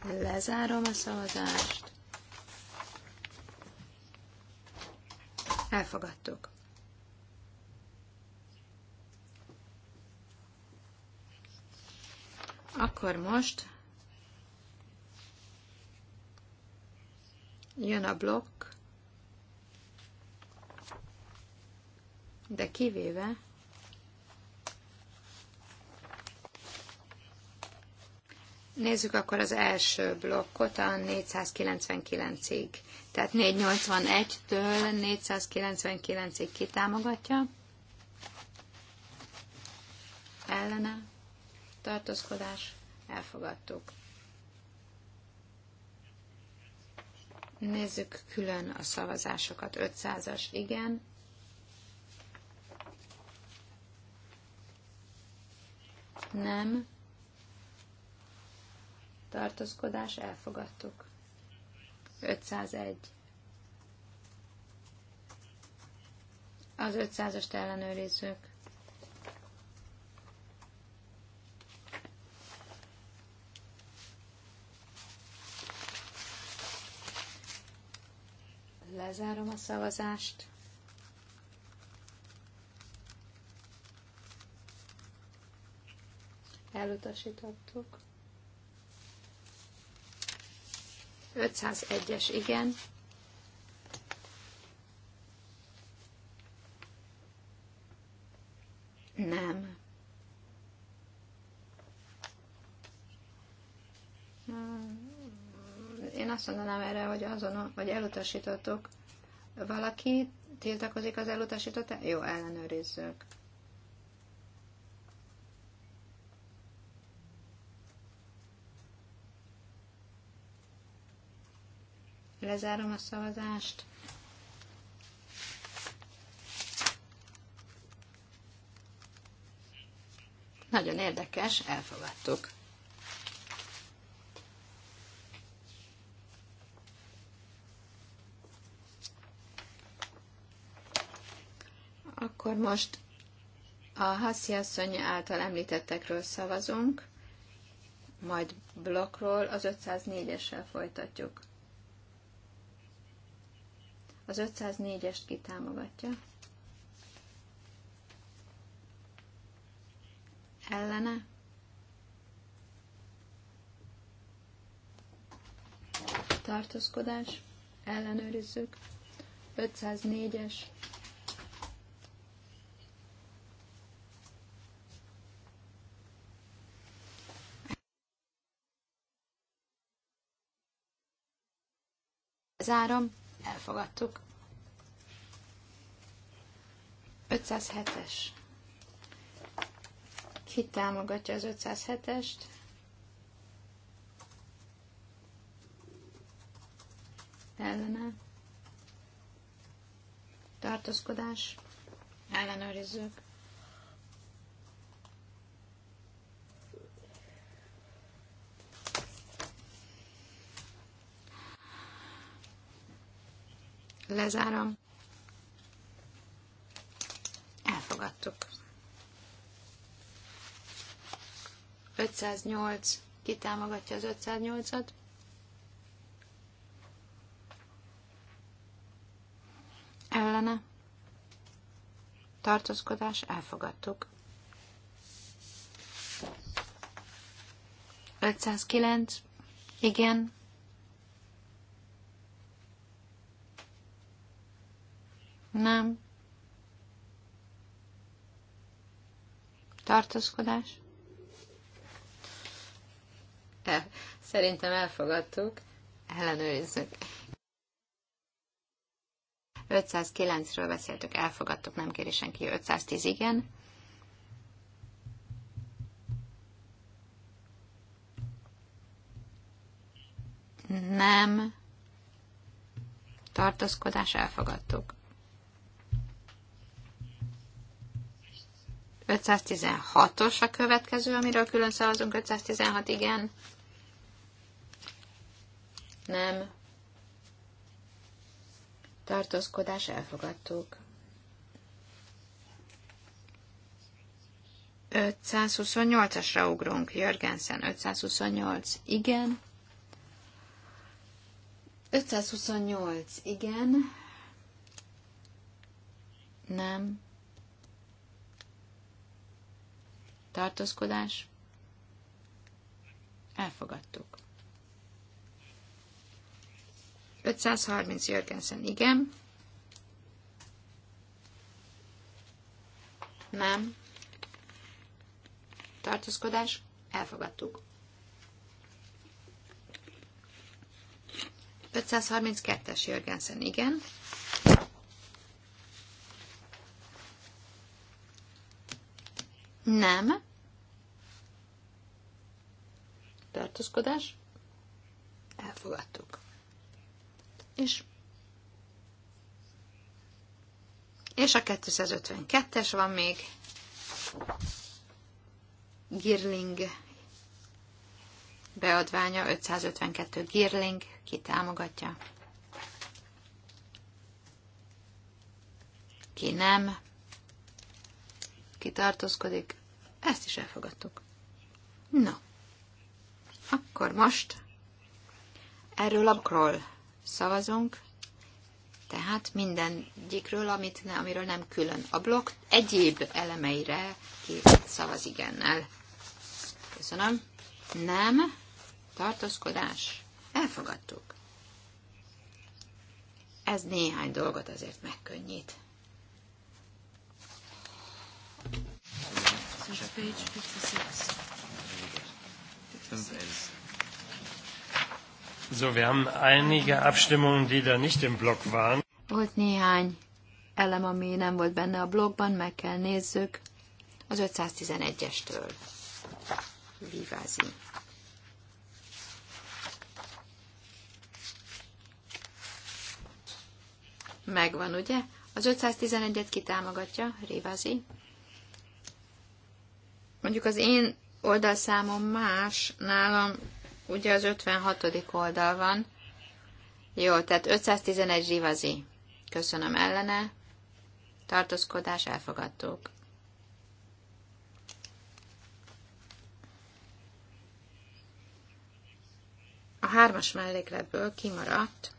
Lezárom a szavazást. Elfogadtuk. Akkor most jön a blokk, de kivéve Nézzük akkor az első blokkot a 499-ig. Tehát 481-től 499-ig kitámogatja. Ellene tartózkodás, elfogadtuk. Nézzük külön a szavazásokat. 500-as igen, nem, tartózkodás, elfogadtuk. 501. Az 500-ast ellenőrizzük. Lezárom a szavazást. Elutasítottuk. 501-es igen. Nem. Hmm én azt mondanám erre, hogy azon, hogy elutasítottuk valaki, tiltakozik az elutasított, jó, ellenőrizzük. Lezárom a szavazást. Nagyon érdekes, elfogadtuk. Akkor most a Haszi asszony által említettekről szavazunk, majd blokkról az 504-essel folytatjuk. Az 504-est kitámogatja. Ellene. Tartózkodás. Ellenőrizzük. 504-es. Lezárom, elfogadtuk. 507-es. Ki támogatja az 507-est? Ellene. Tartózkodás. Ellenőrizzük. Lezárom. Elfogadtuk. 508. Ki támogatja az 508-at? Ellene. Tartózkodás. Elfogadtuk. 509. Igen. Nem. Tartózkodás? El, szerintem elfogadtuk. Ellenőrizzük. 509-ről beszéltük, elfogadtuk, nem kéri senki 510 igen. Nem. Tartózkodás elfogadtuk. 516-os a következő, amiről külön szavazunk. 516 igen. Nem. Tartózkodás elfogadtuk. 528-asra ugrunk, Jörgensen 528, igen. 528, igen. Nem. tartózkodás, elfogadtuk. 530 Jörgensen, igen. Nem. Tartózkodás, elfogadtuk. 532-es Jörgensen, igen. Nem. tartózkodás, elfogadtuk. És és a 252-es van még, Girling beadványa, 552 Girling, ki támogatja, ki nem, ki tartózkodik, ezt is elfogadtuk. Na. No. Akkor most erről abkról szavazunk, tehát minden mindegyikről, amit ne, amiről nem külön. A blokk egyéb elemeire ki szavaz igennel. Köszönöm. Nem. Tartózkodás. Elfogadtuk. Ez néhány dolgot azért megkönnyít. Page 56. Das ist 11. So, wir haben einige Abstimmungen, die da nicht im Block waren. Volt néhány elem, ami nem volt benne a blogban, meg kell nézzük az 511-estől. Vivázi. Megvan, ugye? Az 511-et kitámogatja, Révázi. Mondjuk az én oldalszámom más, nálam ugye az 56. oldal van. Jó, tehát 511 zsivazi. Köszönöm ellene. Tartózkodás elfogadtuk. A hármas mellékletből kimaradt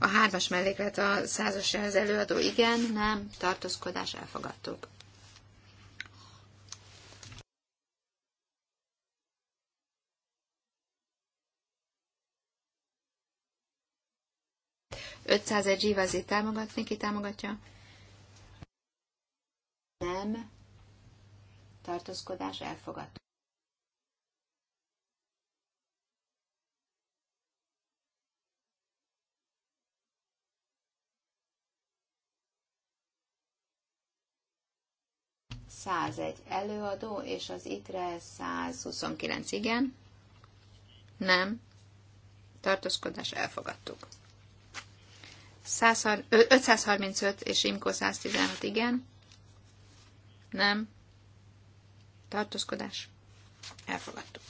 A hármas melléklet a százas az előadó igen, nem, tartózkodás elfogadtuk. Ötszázegy zsívazi támogatni, ki támogatja? Nem. Tartózkodás elfogadtuk. 101 előadó, és az ITRE 129 igen. Nem. Tartózkodás elfogadtuk. 535 és Imko 116 igen. Nem. Tartózkodás. Elfogadtuk.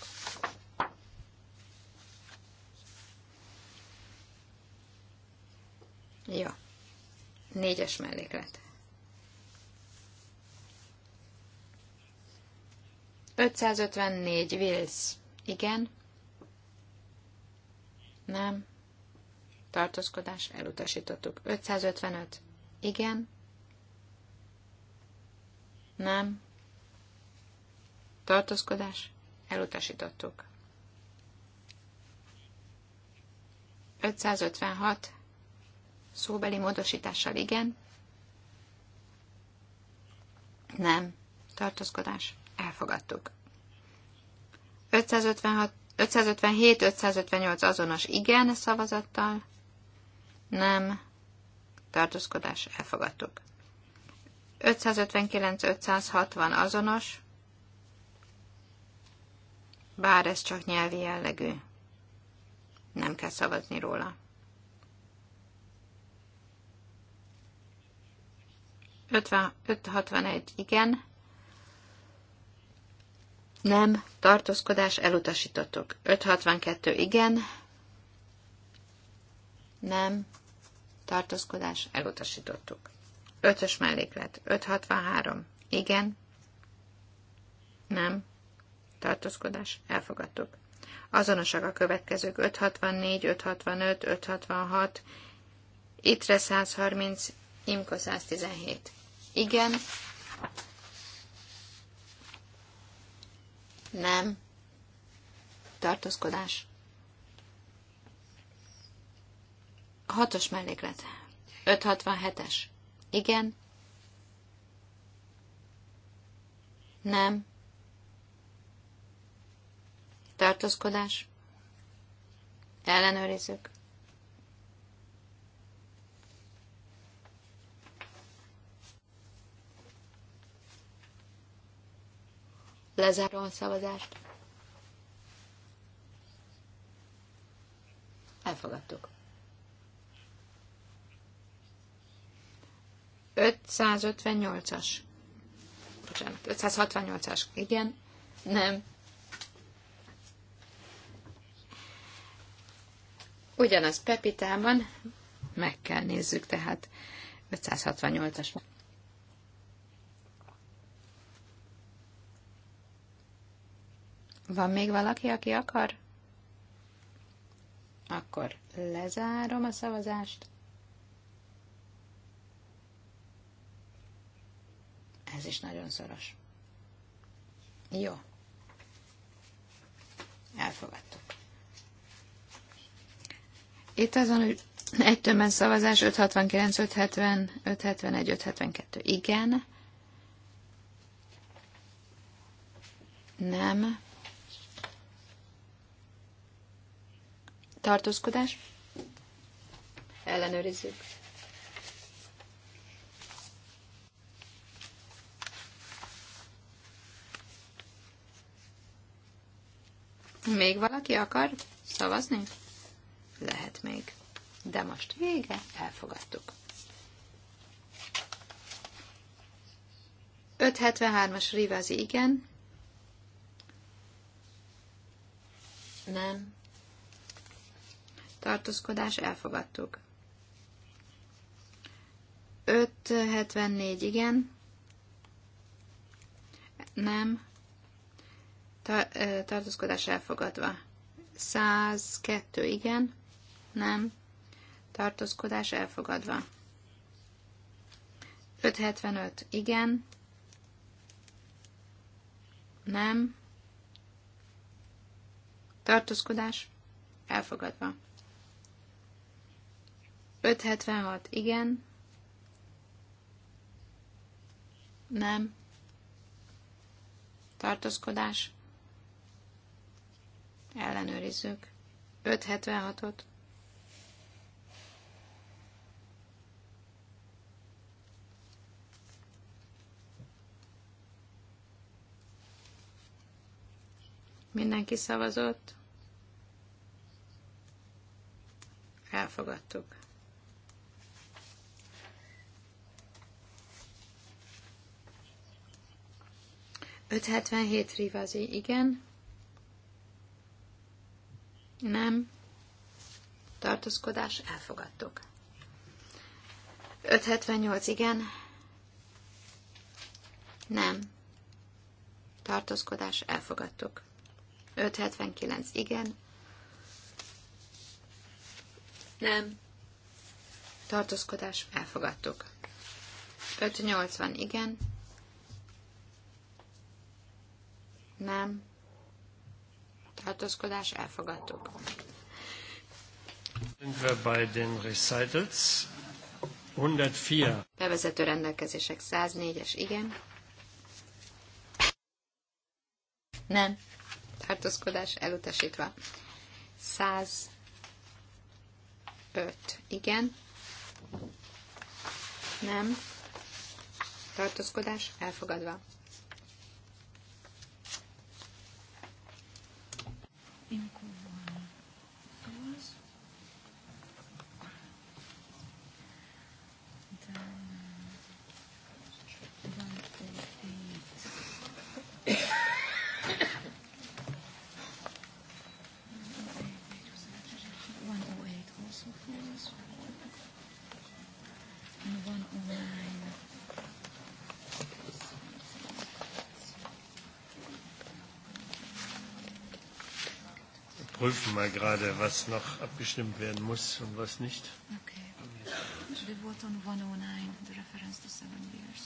Jó. Négyes melléklet. 554 Wills. Igen. Nem. Tartózkodás elutasítottuk. 555. Igen. Nem. Tartózkodás elutasítottuk. 556. Szóbeli módosítással igen. Nem. Tartózkodás Elfogadtuk. 557, 558 azonos igen szavazattal, nem, tartózkodás, elfogadtuk. 559, 560 azonos, bár ez csak nyelvi jellegű. Nem kell szavazni róla. 561 igen, nem, tartózkodás elutasítottuk. 562 igen. Nem, tartózkodás elutasítottuk. 5-ös melléklet. 563 igen. Nem, tartózkodás elfogadtuk. Azonosak a következők 564, 565, 566, ITRE 130, IMKO 117. Igen, Nem. Tartózkodás. Hatos melléklet. 567-es. Igen. Nem. Tartózkodás. Ellenőrizzük. Lezárom a szavazást. Elfogadtuk. 558-as. Bocsánat, 568-as. Igen. Nem. Ugyanaz Pepitában. Meg kell nézzük, tehát 568-as. Van még valaki, aki akar? Akkor lezárom a szavazást. Ez is nagyon szoros. Jó. Elfogadtuk. Itt azon, hogy egy tömben szavazás 569, 570, 571, 572. Igen. Nem. tartózkodás, ellenőrizzük. Még valaki akar szavazni? Lehet még. De most vége, elfogadtuk. 573-as Rivázi igen. Nem tartózkodás elfogadtuk. 574 igen, nem, tartózkodás elfogadva. 102 igen, nem, tartózkodás elfogadva. 575 igen, nem, tartózkodás elfogadva. 576, igen. Nem. Tartózkodás. Ellenőrizzük. 576-ot. Mindenki szavazott. Elfogadtuk. 577 rivazi, igen. Nem. Tartózkodás, elfogadtuk. 578, igen. Nem. Tartózkodás, elfogadtuk. 579, igen. Nem. Tartózkodás, elfogadtuk. 580, igen. Nem. Tartózkodás elfogadtuk. Sind den Recitals? 104. Bevezető rendelkezések 104-es, igen. Nem. Tartózkodás elutasítva. 105. Igen. Nem. Tartózkodás elfogadva. imk überprüfen mal gerade, was noch abgestimmt werden muss und was nicht. Okay. The on 109, the reference to seven years.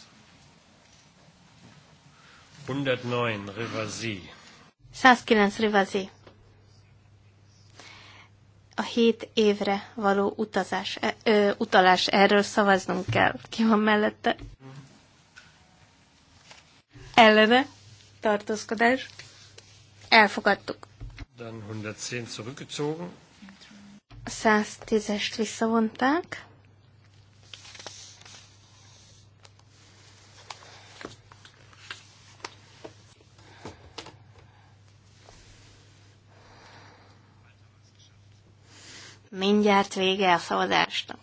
109, Rivasi. 109, Rivasi. A hét évre való utazás, e, ö, utalás, erről szavaznunk kell. Ki van mellette? Ellene? Tartózkodás? Elfogadtuk. Dann 110 zurückgezogen. 110-est visszavonták. Mindjárt vége a szavazásnak.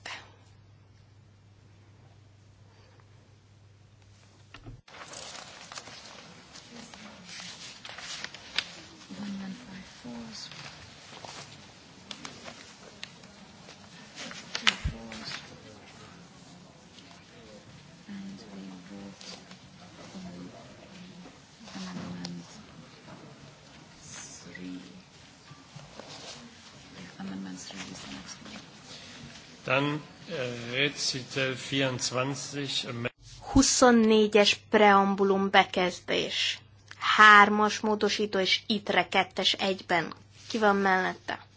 24-es preambulum bekezdés. Hármas módosító és itre kettes egyben. Ki van mellette?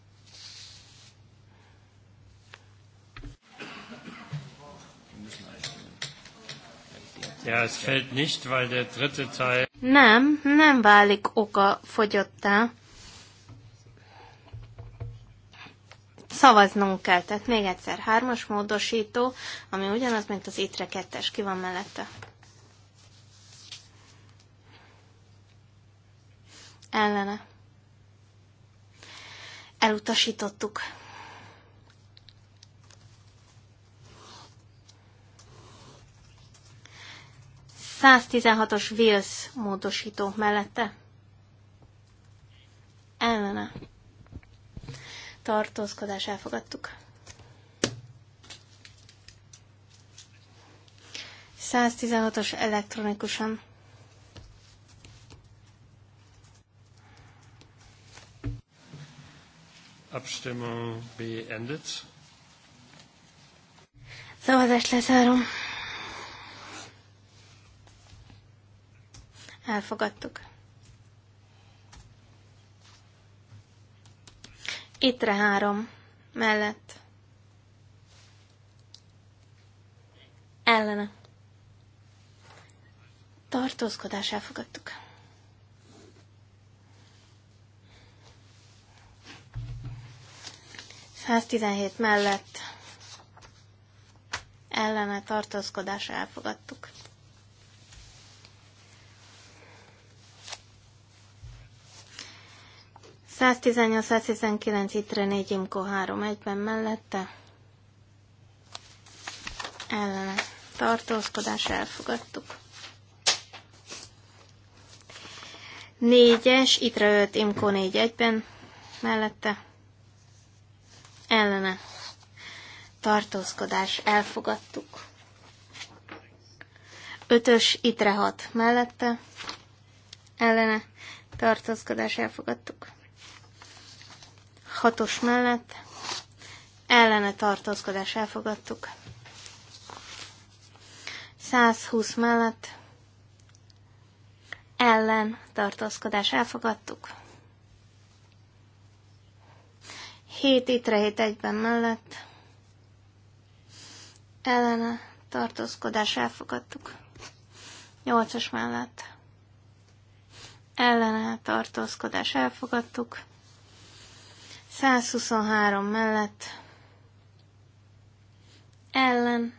Ja, es fällt nicht, weil der dritte Teil... Nem, nem válik oka fogyottá, szavaznunk kell. Tehát még egyszer, hármas módosító, ami ugyanaz, mint az ITRE kettes. Ki van mellette? Ellene. Elutasítottuk. Száztizenhatos Wills módosító mellette. Ellene tartózkodás elfogadtuk. 116-os elektronikusan. Abstimmung beendet. Szavazást lezárom. Elfogadtuk. Ittre három. Mellett. Ellene. Tartózkodás elfogadtuk. Száz mellett ellene tartózkodás elfogadtuk. 118-119 itre 4 imko 3 1 ben mellette. Ellene tartózkodás elfogadtuk. 4-es, itre 5 imko 4 1 ben mellette. Ellene tartózkodás elfogadtuk. 5-ös, itre 6 mellette. Ellene tartózkodás elfogadtuk hatos mellett ellene tartózkodás elfogadtuk. 120 mellett ellen tartózkodás elfogadtuk. 7 itre 7 egyben mellett ellene tartózkodás elfogadtuk. 8-as mellett ellene tartózkodás elfogadtuk. 123 mellett ellen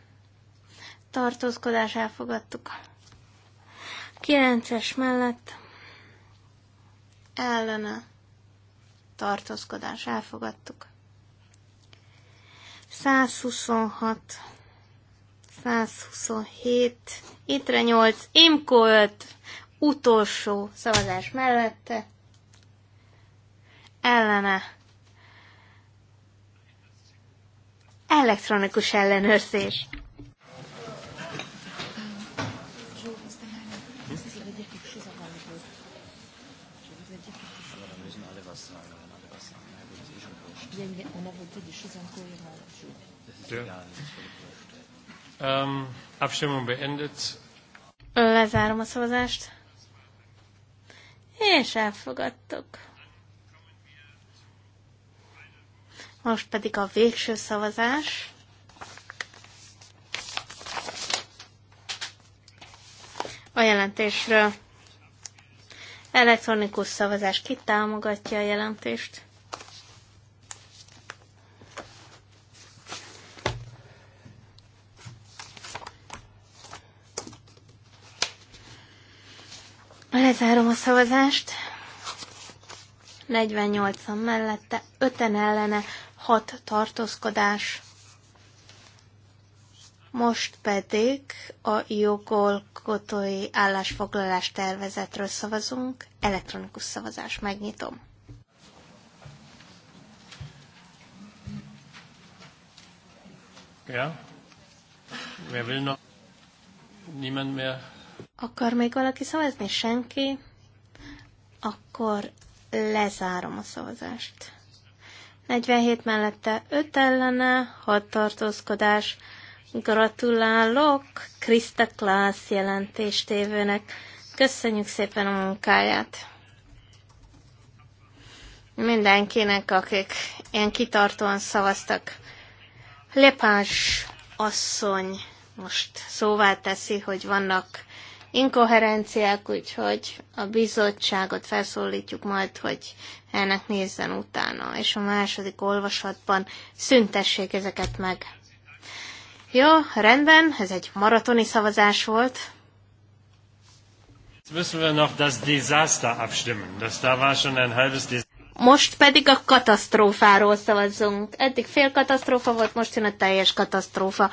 tartózkodás elfogadtuk. 9-es mellett ellene tartózkodás elfogadtuk. 126 127 Itre 8 Imko 5 utolsó szavazás mellette ellene Elektronikus ellenőrzés. Um, abstimmung beendet. Lezárom a szavazást. És elfogadtuk. Most pedig a végső szavazás. A jelentésről. Elektronikus szavazás. Ki támogatja a jelentést? Lezárom a szavazást. 48-an mellette, 5-en ellene, hat tartózkodás. Most pedig a jogolkotói állásfoglalás tervezetről szavazunk. Elektronikus szavazás. Megnyitom. Ja. Wer will noch? Niemand mehr? Akar még valaki szavazni? Senki? Akkor lezárom a szavazást. 47 mellette 5 ellene, 6 tartózkodás. Gratulálok Krista Klász jelentéstévőnek. Köszönjük szépen a munkáját. Mindenkinek, akik ilyen kitartóan szavaztak. Lepás asszony most szóvá teszi, hogy vannak inkoherenciák, úgyhogy a bizottságot felszólítjuk majd, hogy ennek nézzen utána, és a második olvasatban szüntessék ezeket meg. Jó, rendben, ez egy maratoni szavazás volt. Most pedig a katasztrófáról szavazzunk. Eddig fél katasztrófa volt, most jön a teljes katasztrófa.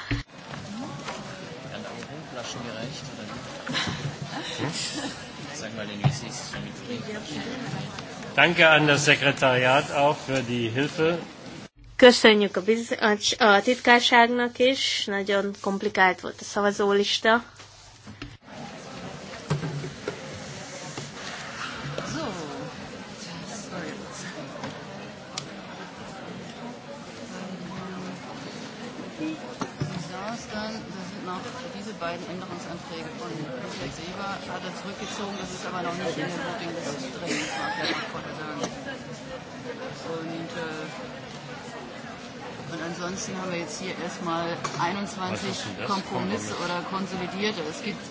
Danke an das Sekretariat auch für die Hilfe. Köszönjük a, biz- a titkárságnak is, nagyon komplikált volt a szavazólista. beiden Änderungsanträge von Herrn Seber hat er zurückgezogen. Das ist aber noch nicht in der Voting des Trainings, mag ich mal vorher sagen. Und, äh, und ansonsten haben wir jetzt hier erstmal 21 Kompromisse oder konsolidierte. Es gibt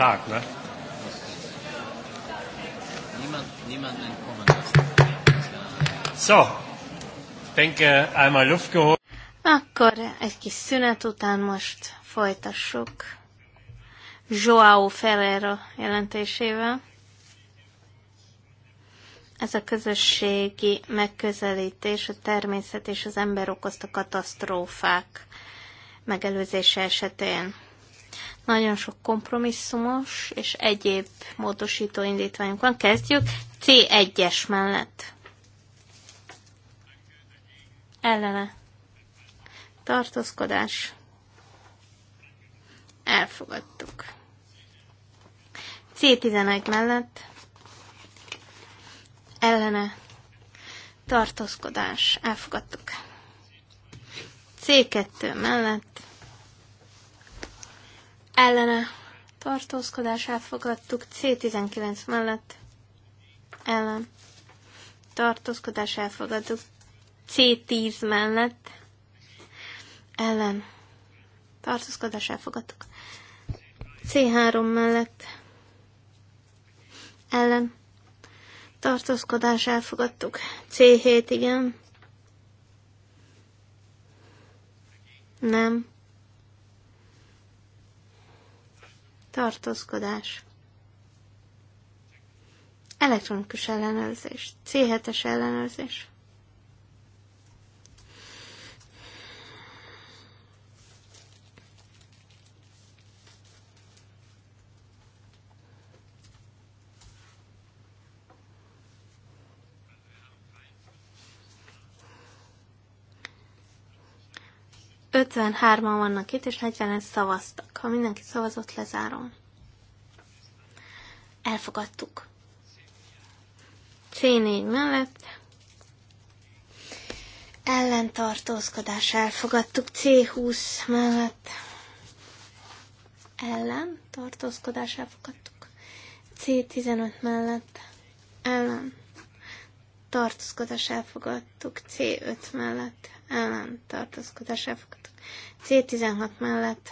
Tag, ne? So, denke einmal Luft geholt. Akkor egy kis szünet után most folytassuk Joao Ferreira jelentésével. Ez a közösségi megközelítés a természet és az ember okozta katasztrófák megelőzése esetén. Nagyon sok kompromisszumos és egyéb módosító indítványunk van. Kezdjük C1-es mellett. Ellene. Tartózkodás. Elfogadtuk. C11 mellett. Ellene. Tartózkodás. Elfogadtuk. C2 mellett ellene tartózkodás elfogadtuk, C19 mellett ellen tartózkodás elfogadtuk, C10 mellett ellen tartózkodás elfogadtuk, C3 mellett ellen tartózkodás elfogadtuk, C7 igen, nem, tartózkodás, elektronikus ellenőrzés, C7-es ellenőrzés. 53-an vannak itt, és 40-en szavaztak. Ha mindenki szavazott, lezárom. Elfogadtuk. C4 mellett ellentartózkodás elfogadtuk. C20 mellett ellen elfogadtuk. C15 mellett ellen tartózkodás elfogadtuk, C5 mellett ellen tartózkodás elfogadtuk, C16 mellett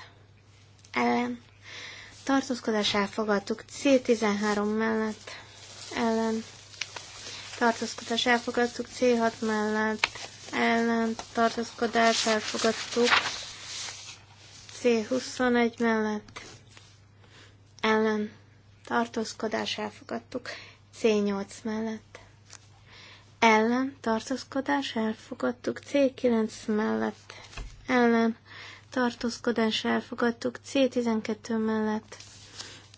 ellen tartózkodás elfogadtuk, C13 mellett ellen tartózkodás elfogadtuk, C6 mellett ellen tartózkodás elfogadtuk, C21 mellett ellen tartózkodás elfogadtuk, C8 mellett ellen tartózkodás elfogadtuk, C9 mellett ellen tartózkodás elfogadtuk, C12 mellett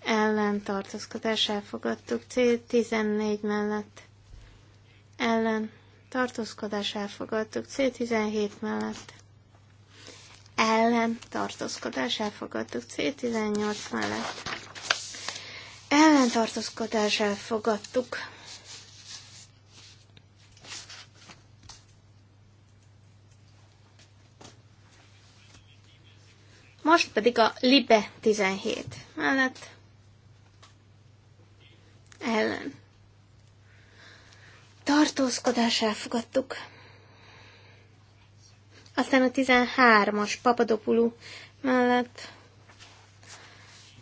ellen tartózkodás elfogadtuk, C14 mellett ellen tartózkodás elfogadtuk, C17 mellett ellen tartózkodás elfogadtuk, C18 mellett ellen tartózkodás elfogadtuk. Most pedig a Libe 17 mellett ellen. Tartózkodás elfogadtuk. Aztán a 13-as Papadopulú mellett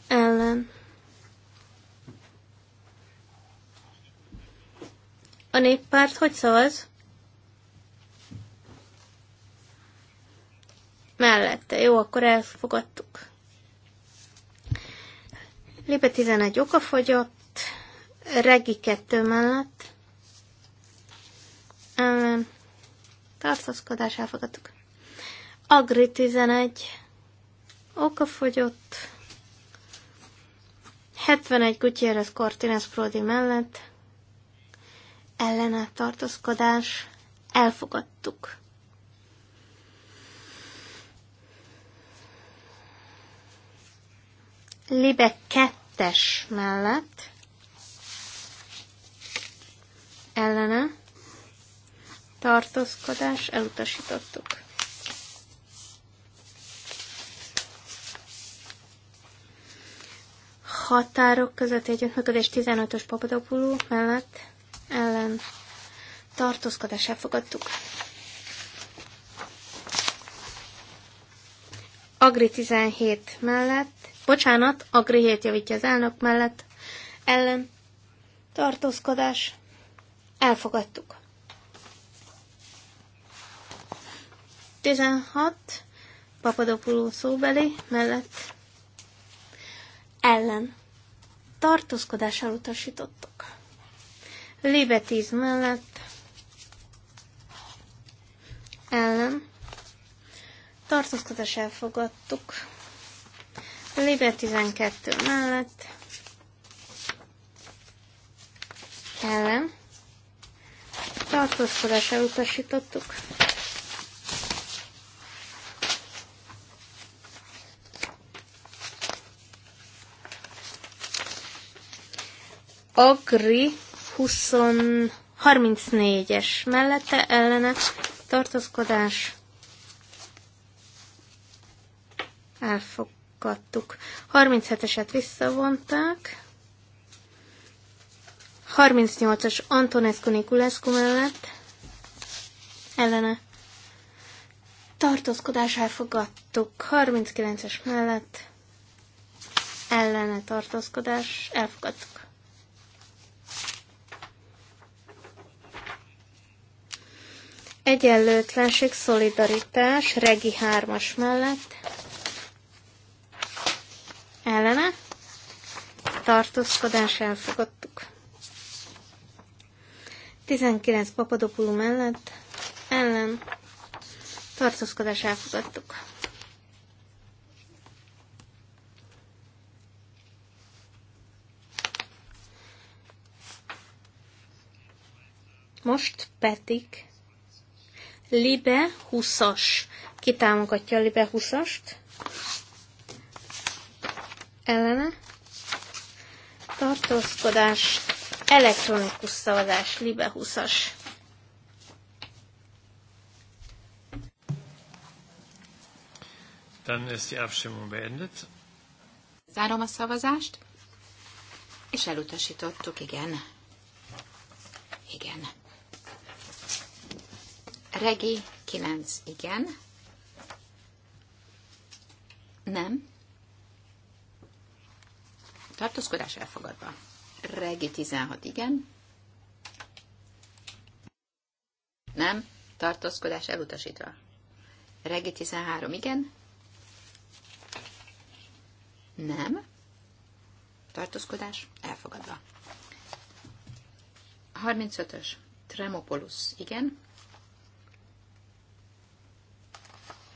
ellen. A néppárt hogy szavaz? mellette. Jó, akkor elfogadtuk. Libe 11 oka fogyott, Regi 2 mellett, ellen tartózkodás elfogadtuk. Agri 11 oka fogyott, 71 Gutierrez Cortines Prodi mellett, ellene tartózkodás elfogadtuk. Libe kettes mellett ellene tartózkodás elutasítottuk. Határok közötti együttműködés 15-ös papadopuló mellett ellen tartózkodás elfogadtuk. Agri 17 mellett bocsánat, a grihét javítja az elnök mellett, ellen, tartózkodás, elfogadtuk. 16, Papadopuló szóbeli, mellett, ellen, tartózkodás elutasítottuk. Libetíz mellett, ellen, tartózkodás elfogadtuk. Libre 12 mellett ellen tartózkodás elutasítottuk. Agri 34-es mellette ellene tartózkodás elfog kattuk 37-eset visszavonták. 38-as Antonescu Nikulescu mellett ellene tartózkodás elfogadtuk. 39-es mellett ellene tartózkodás elfogadtuk. Egyenlőtlenség, szolidaritás, regi hármas mellett ellene tartózkodás elfogadtuk. 19 Papadopoulou mellett ellen tartózkodás elfogadtuk. Most pedig Libe 20-as. kitámogatja a Libe 20-ast? ellene, tartózkodás, elektronikus szavazás, libe 20-as. Dann ist die Abstimmung beendet. Zárom a szavazást, és elutasítottuk, igen. Igen. Regi 9, igen. Nem tartózkodás elfogadva. Regi 16, igen. Nem, tartózkodás elutasítva. Regi 13, igen. Nem, tartózkodás elfogadva. 35-ös, Tremopolus, igen.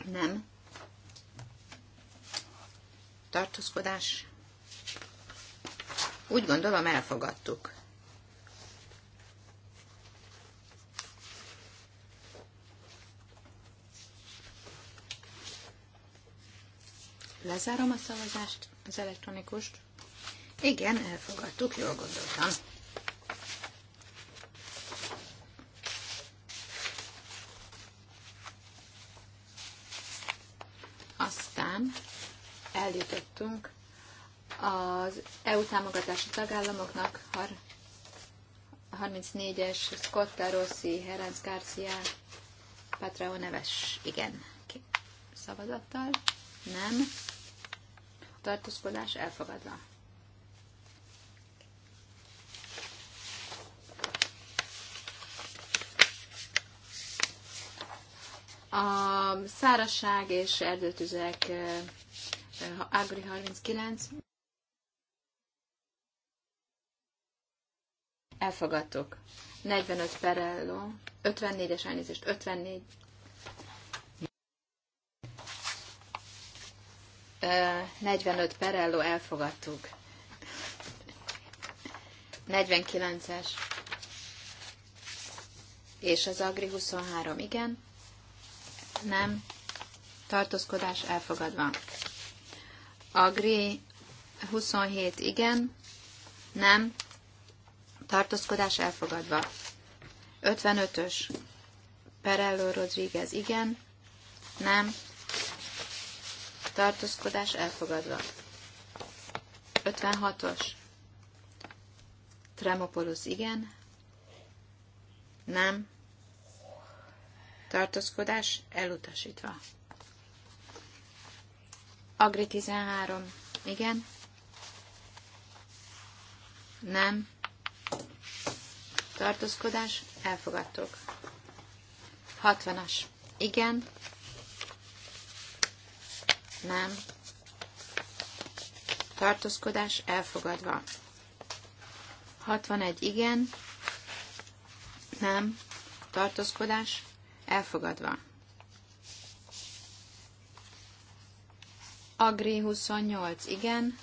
Nem, tartózkodás úgy gondolom elfogadtuk. Lezárom a szavazást, az elektronikust. Igen, elfogadtuk, jól gondoltam. Aztán eljutottunk az EU támogatási tagállamoknak 34-es Scotta Rossi, Herenc Garcia, Patrao neves, igen, szavazattal, nem, tartózkodás elfogadva. A szárasság és erdőtüzek eh, Agri 39 Elfogadtuk. 45 perelló, 54-es elnézést, 54. Ö, 45 perelló, elfogadtuk. 49-es. És az Agri 23, igen. Nem. Tartózkodás elfogadva. Agri 27, igen. Nem tartózkodás elfogadva. 55-ös Perello Rodriguez, igen, nem, tartózkodás elfogadva. 56-os Tremopoulos igen, nem, tartózkodás elutasítva. Agri 13 igen, nem, tartózkodás, elfogadtuk. 60-as, igen, nem, tartózkodás, elfogadva. 61, igen, nem, tartózkodás, elfogadva. Agri 28, igen,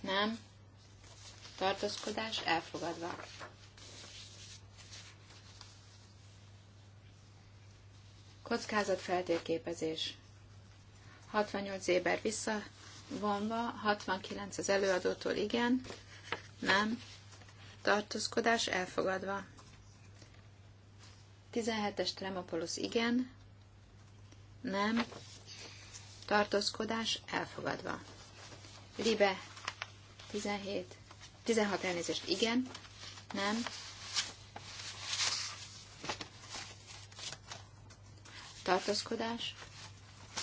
nem, tartózkodás elfogadva. Kockázat feltérképezés. 68 éber visszavonva, 69 az előadótól igen, nem, tartózkodás elfogadva. 17-es Tremopolis igen, nem, tartózkodás elfogadva. Libe 17, 16 elnézést igen, nem, tartózkodás,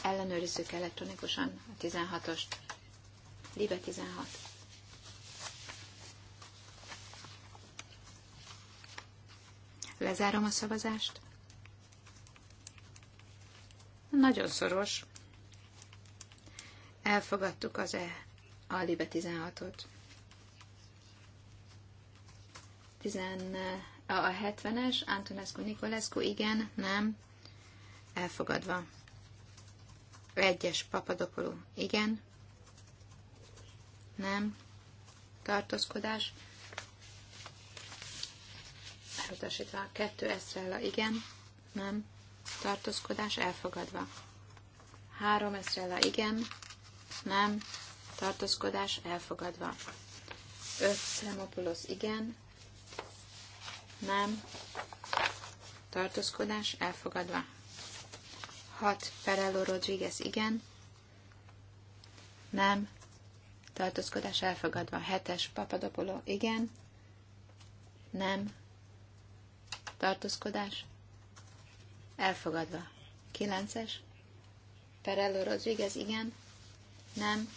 ellenőrizzük elektronikusan a 16-ost, Libe 16. Lezárom a szavazást. Nagyon szoros. Elfogadtuk az E, a Libe 16-ot. 10, a 70-es, Antonescu Nikolescu, igen, nem, elfogadva. Egyes papadopoló, igen. Nem. Tartózkodás. Elutasítva. Kettő eszrella, igen. Nem. Tartózkodás elfogadva. Három eszrella, igen. Nem. Tartózkodás elfogadva. Öt szemopulosz. igen. Nem. Tartózkodás elfogadva. 6. Perello Rodriguez igen. Nem. Tartózkodás elfogadva. 7-es Papadopolo igen. Nem. Tartózkodás elfogadva. 9-es Perello Rodriguez igen. Nem.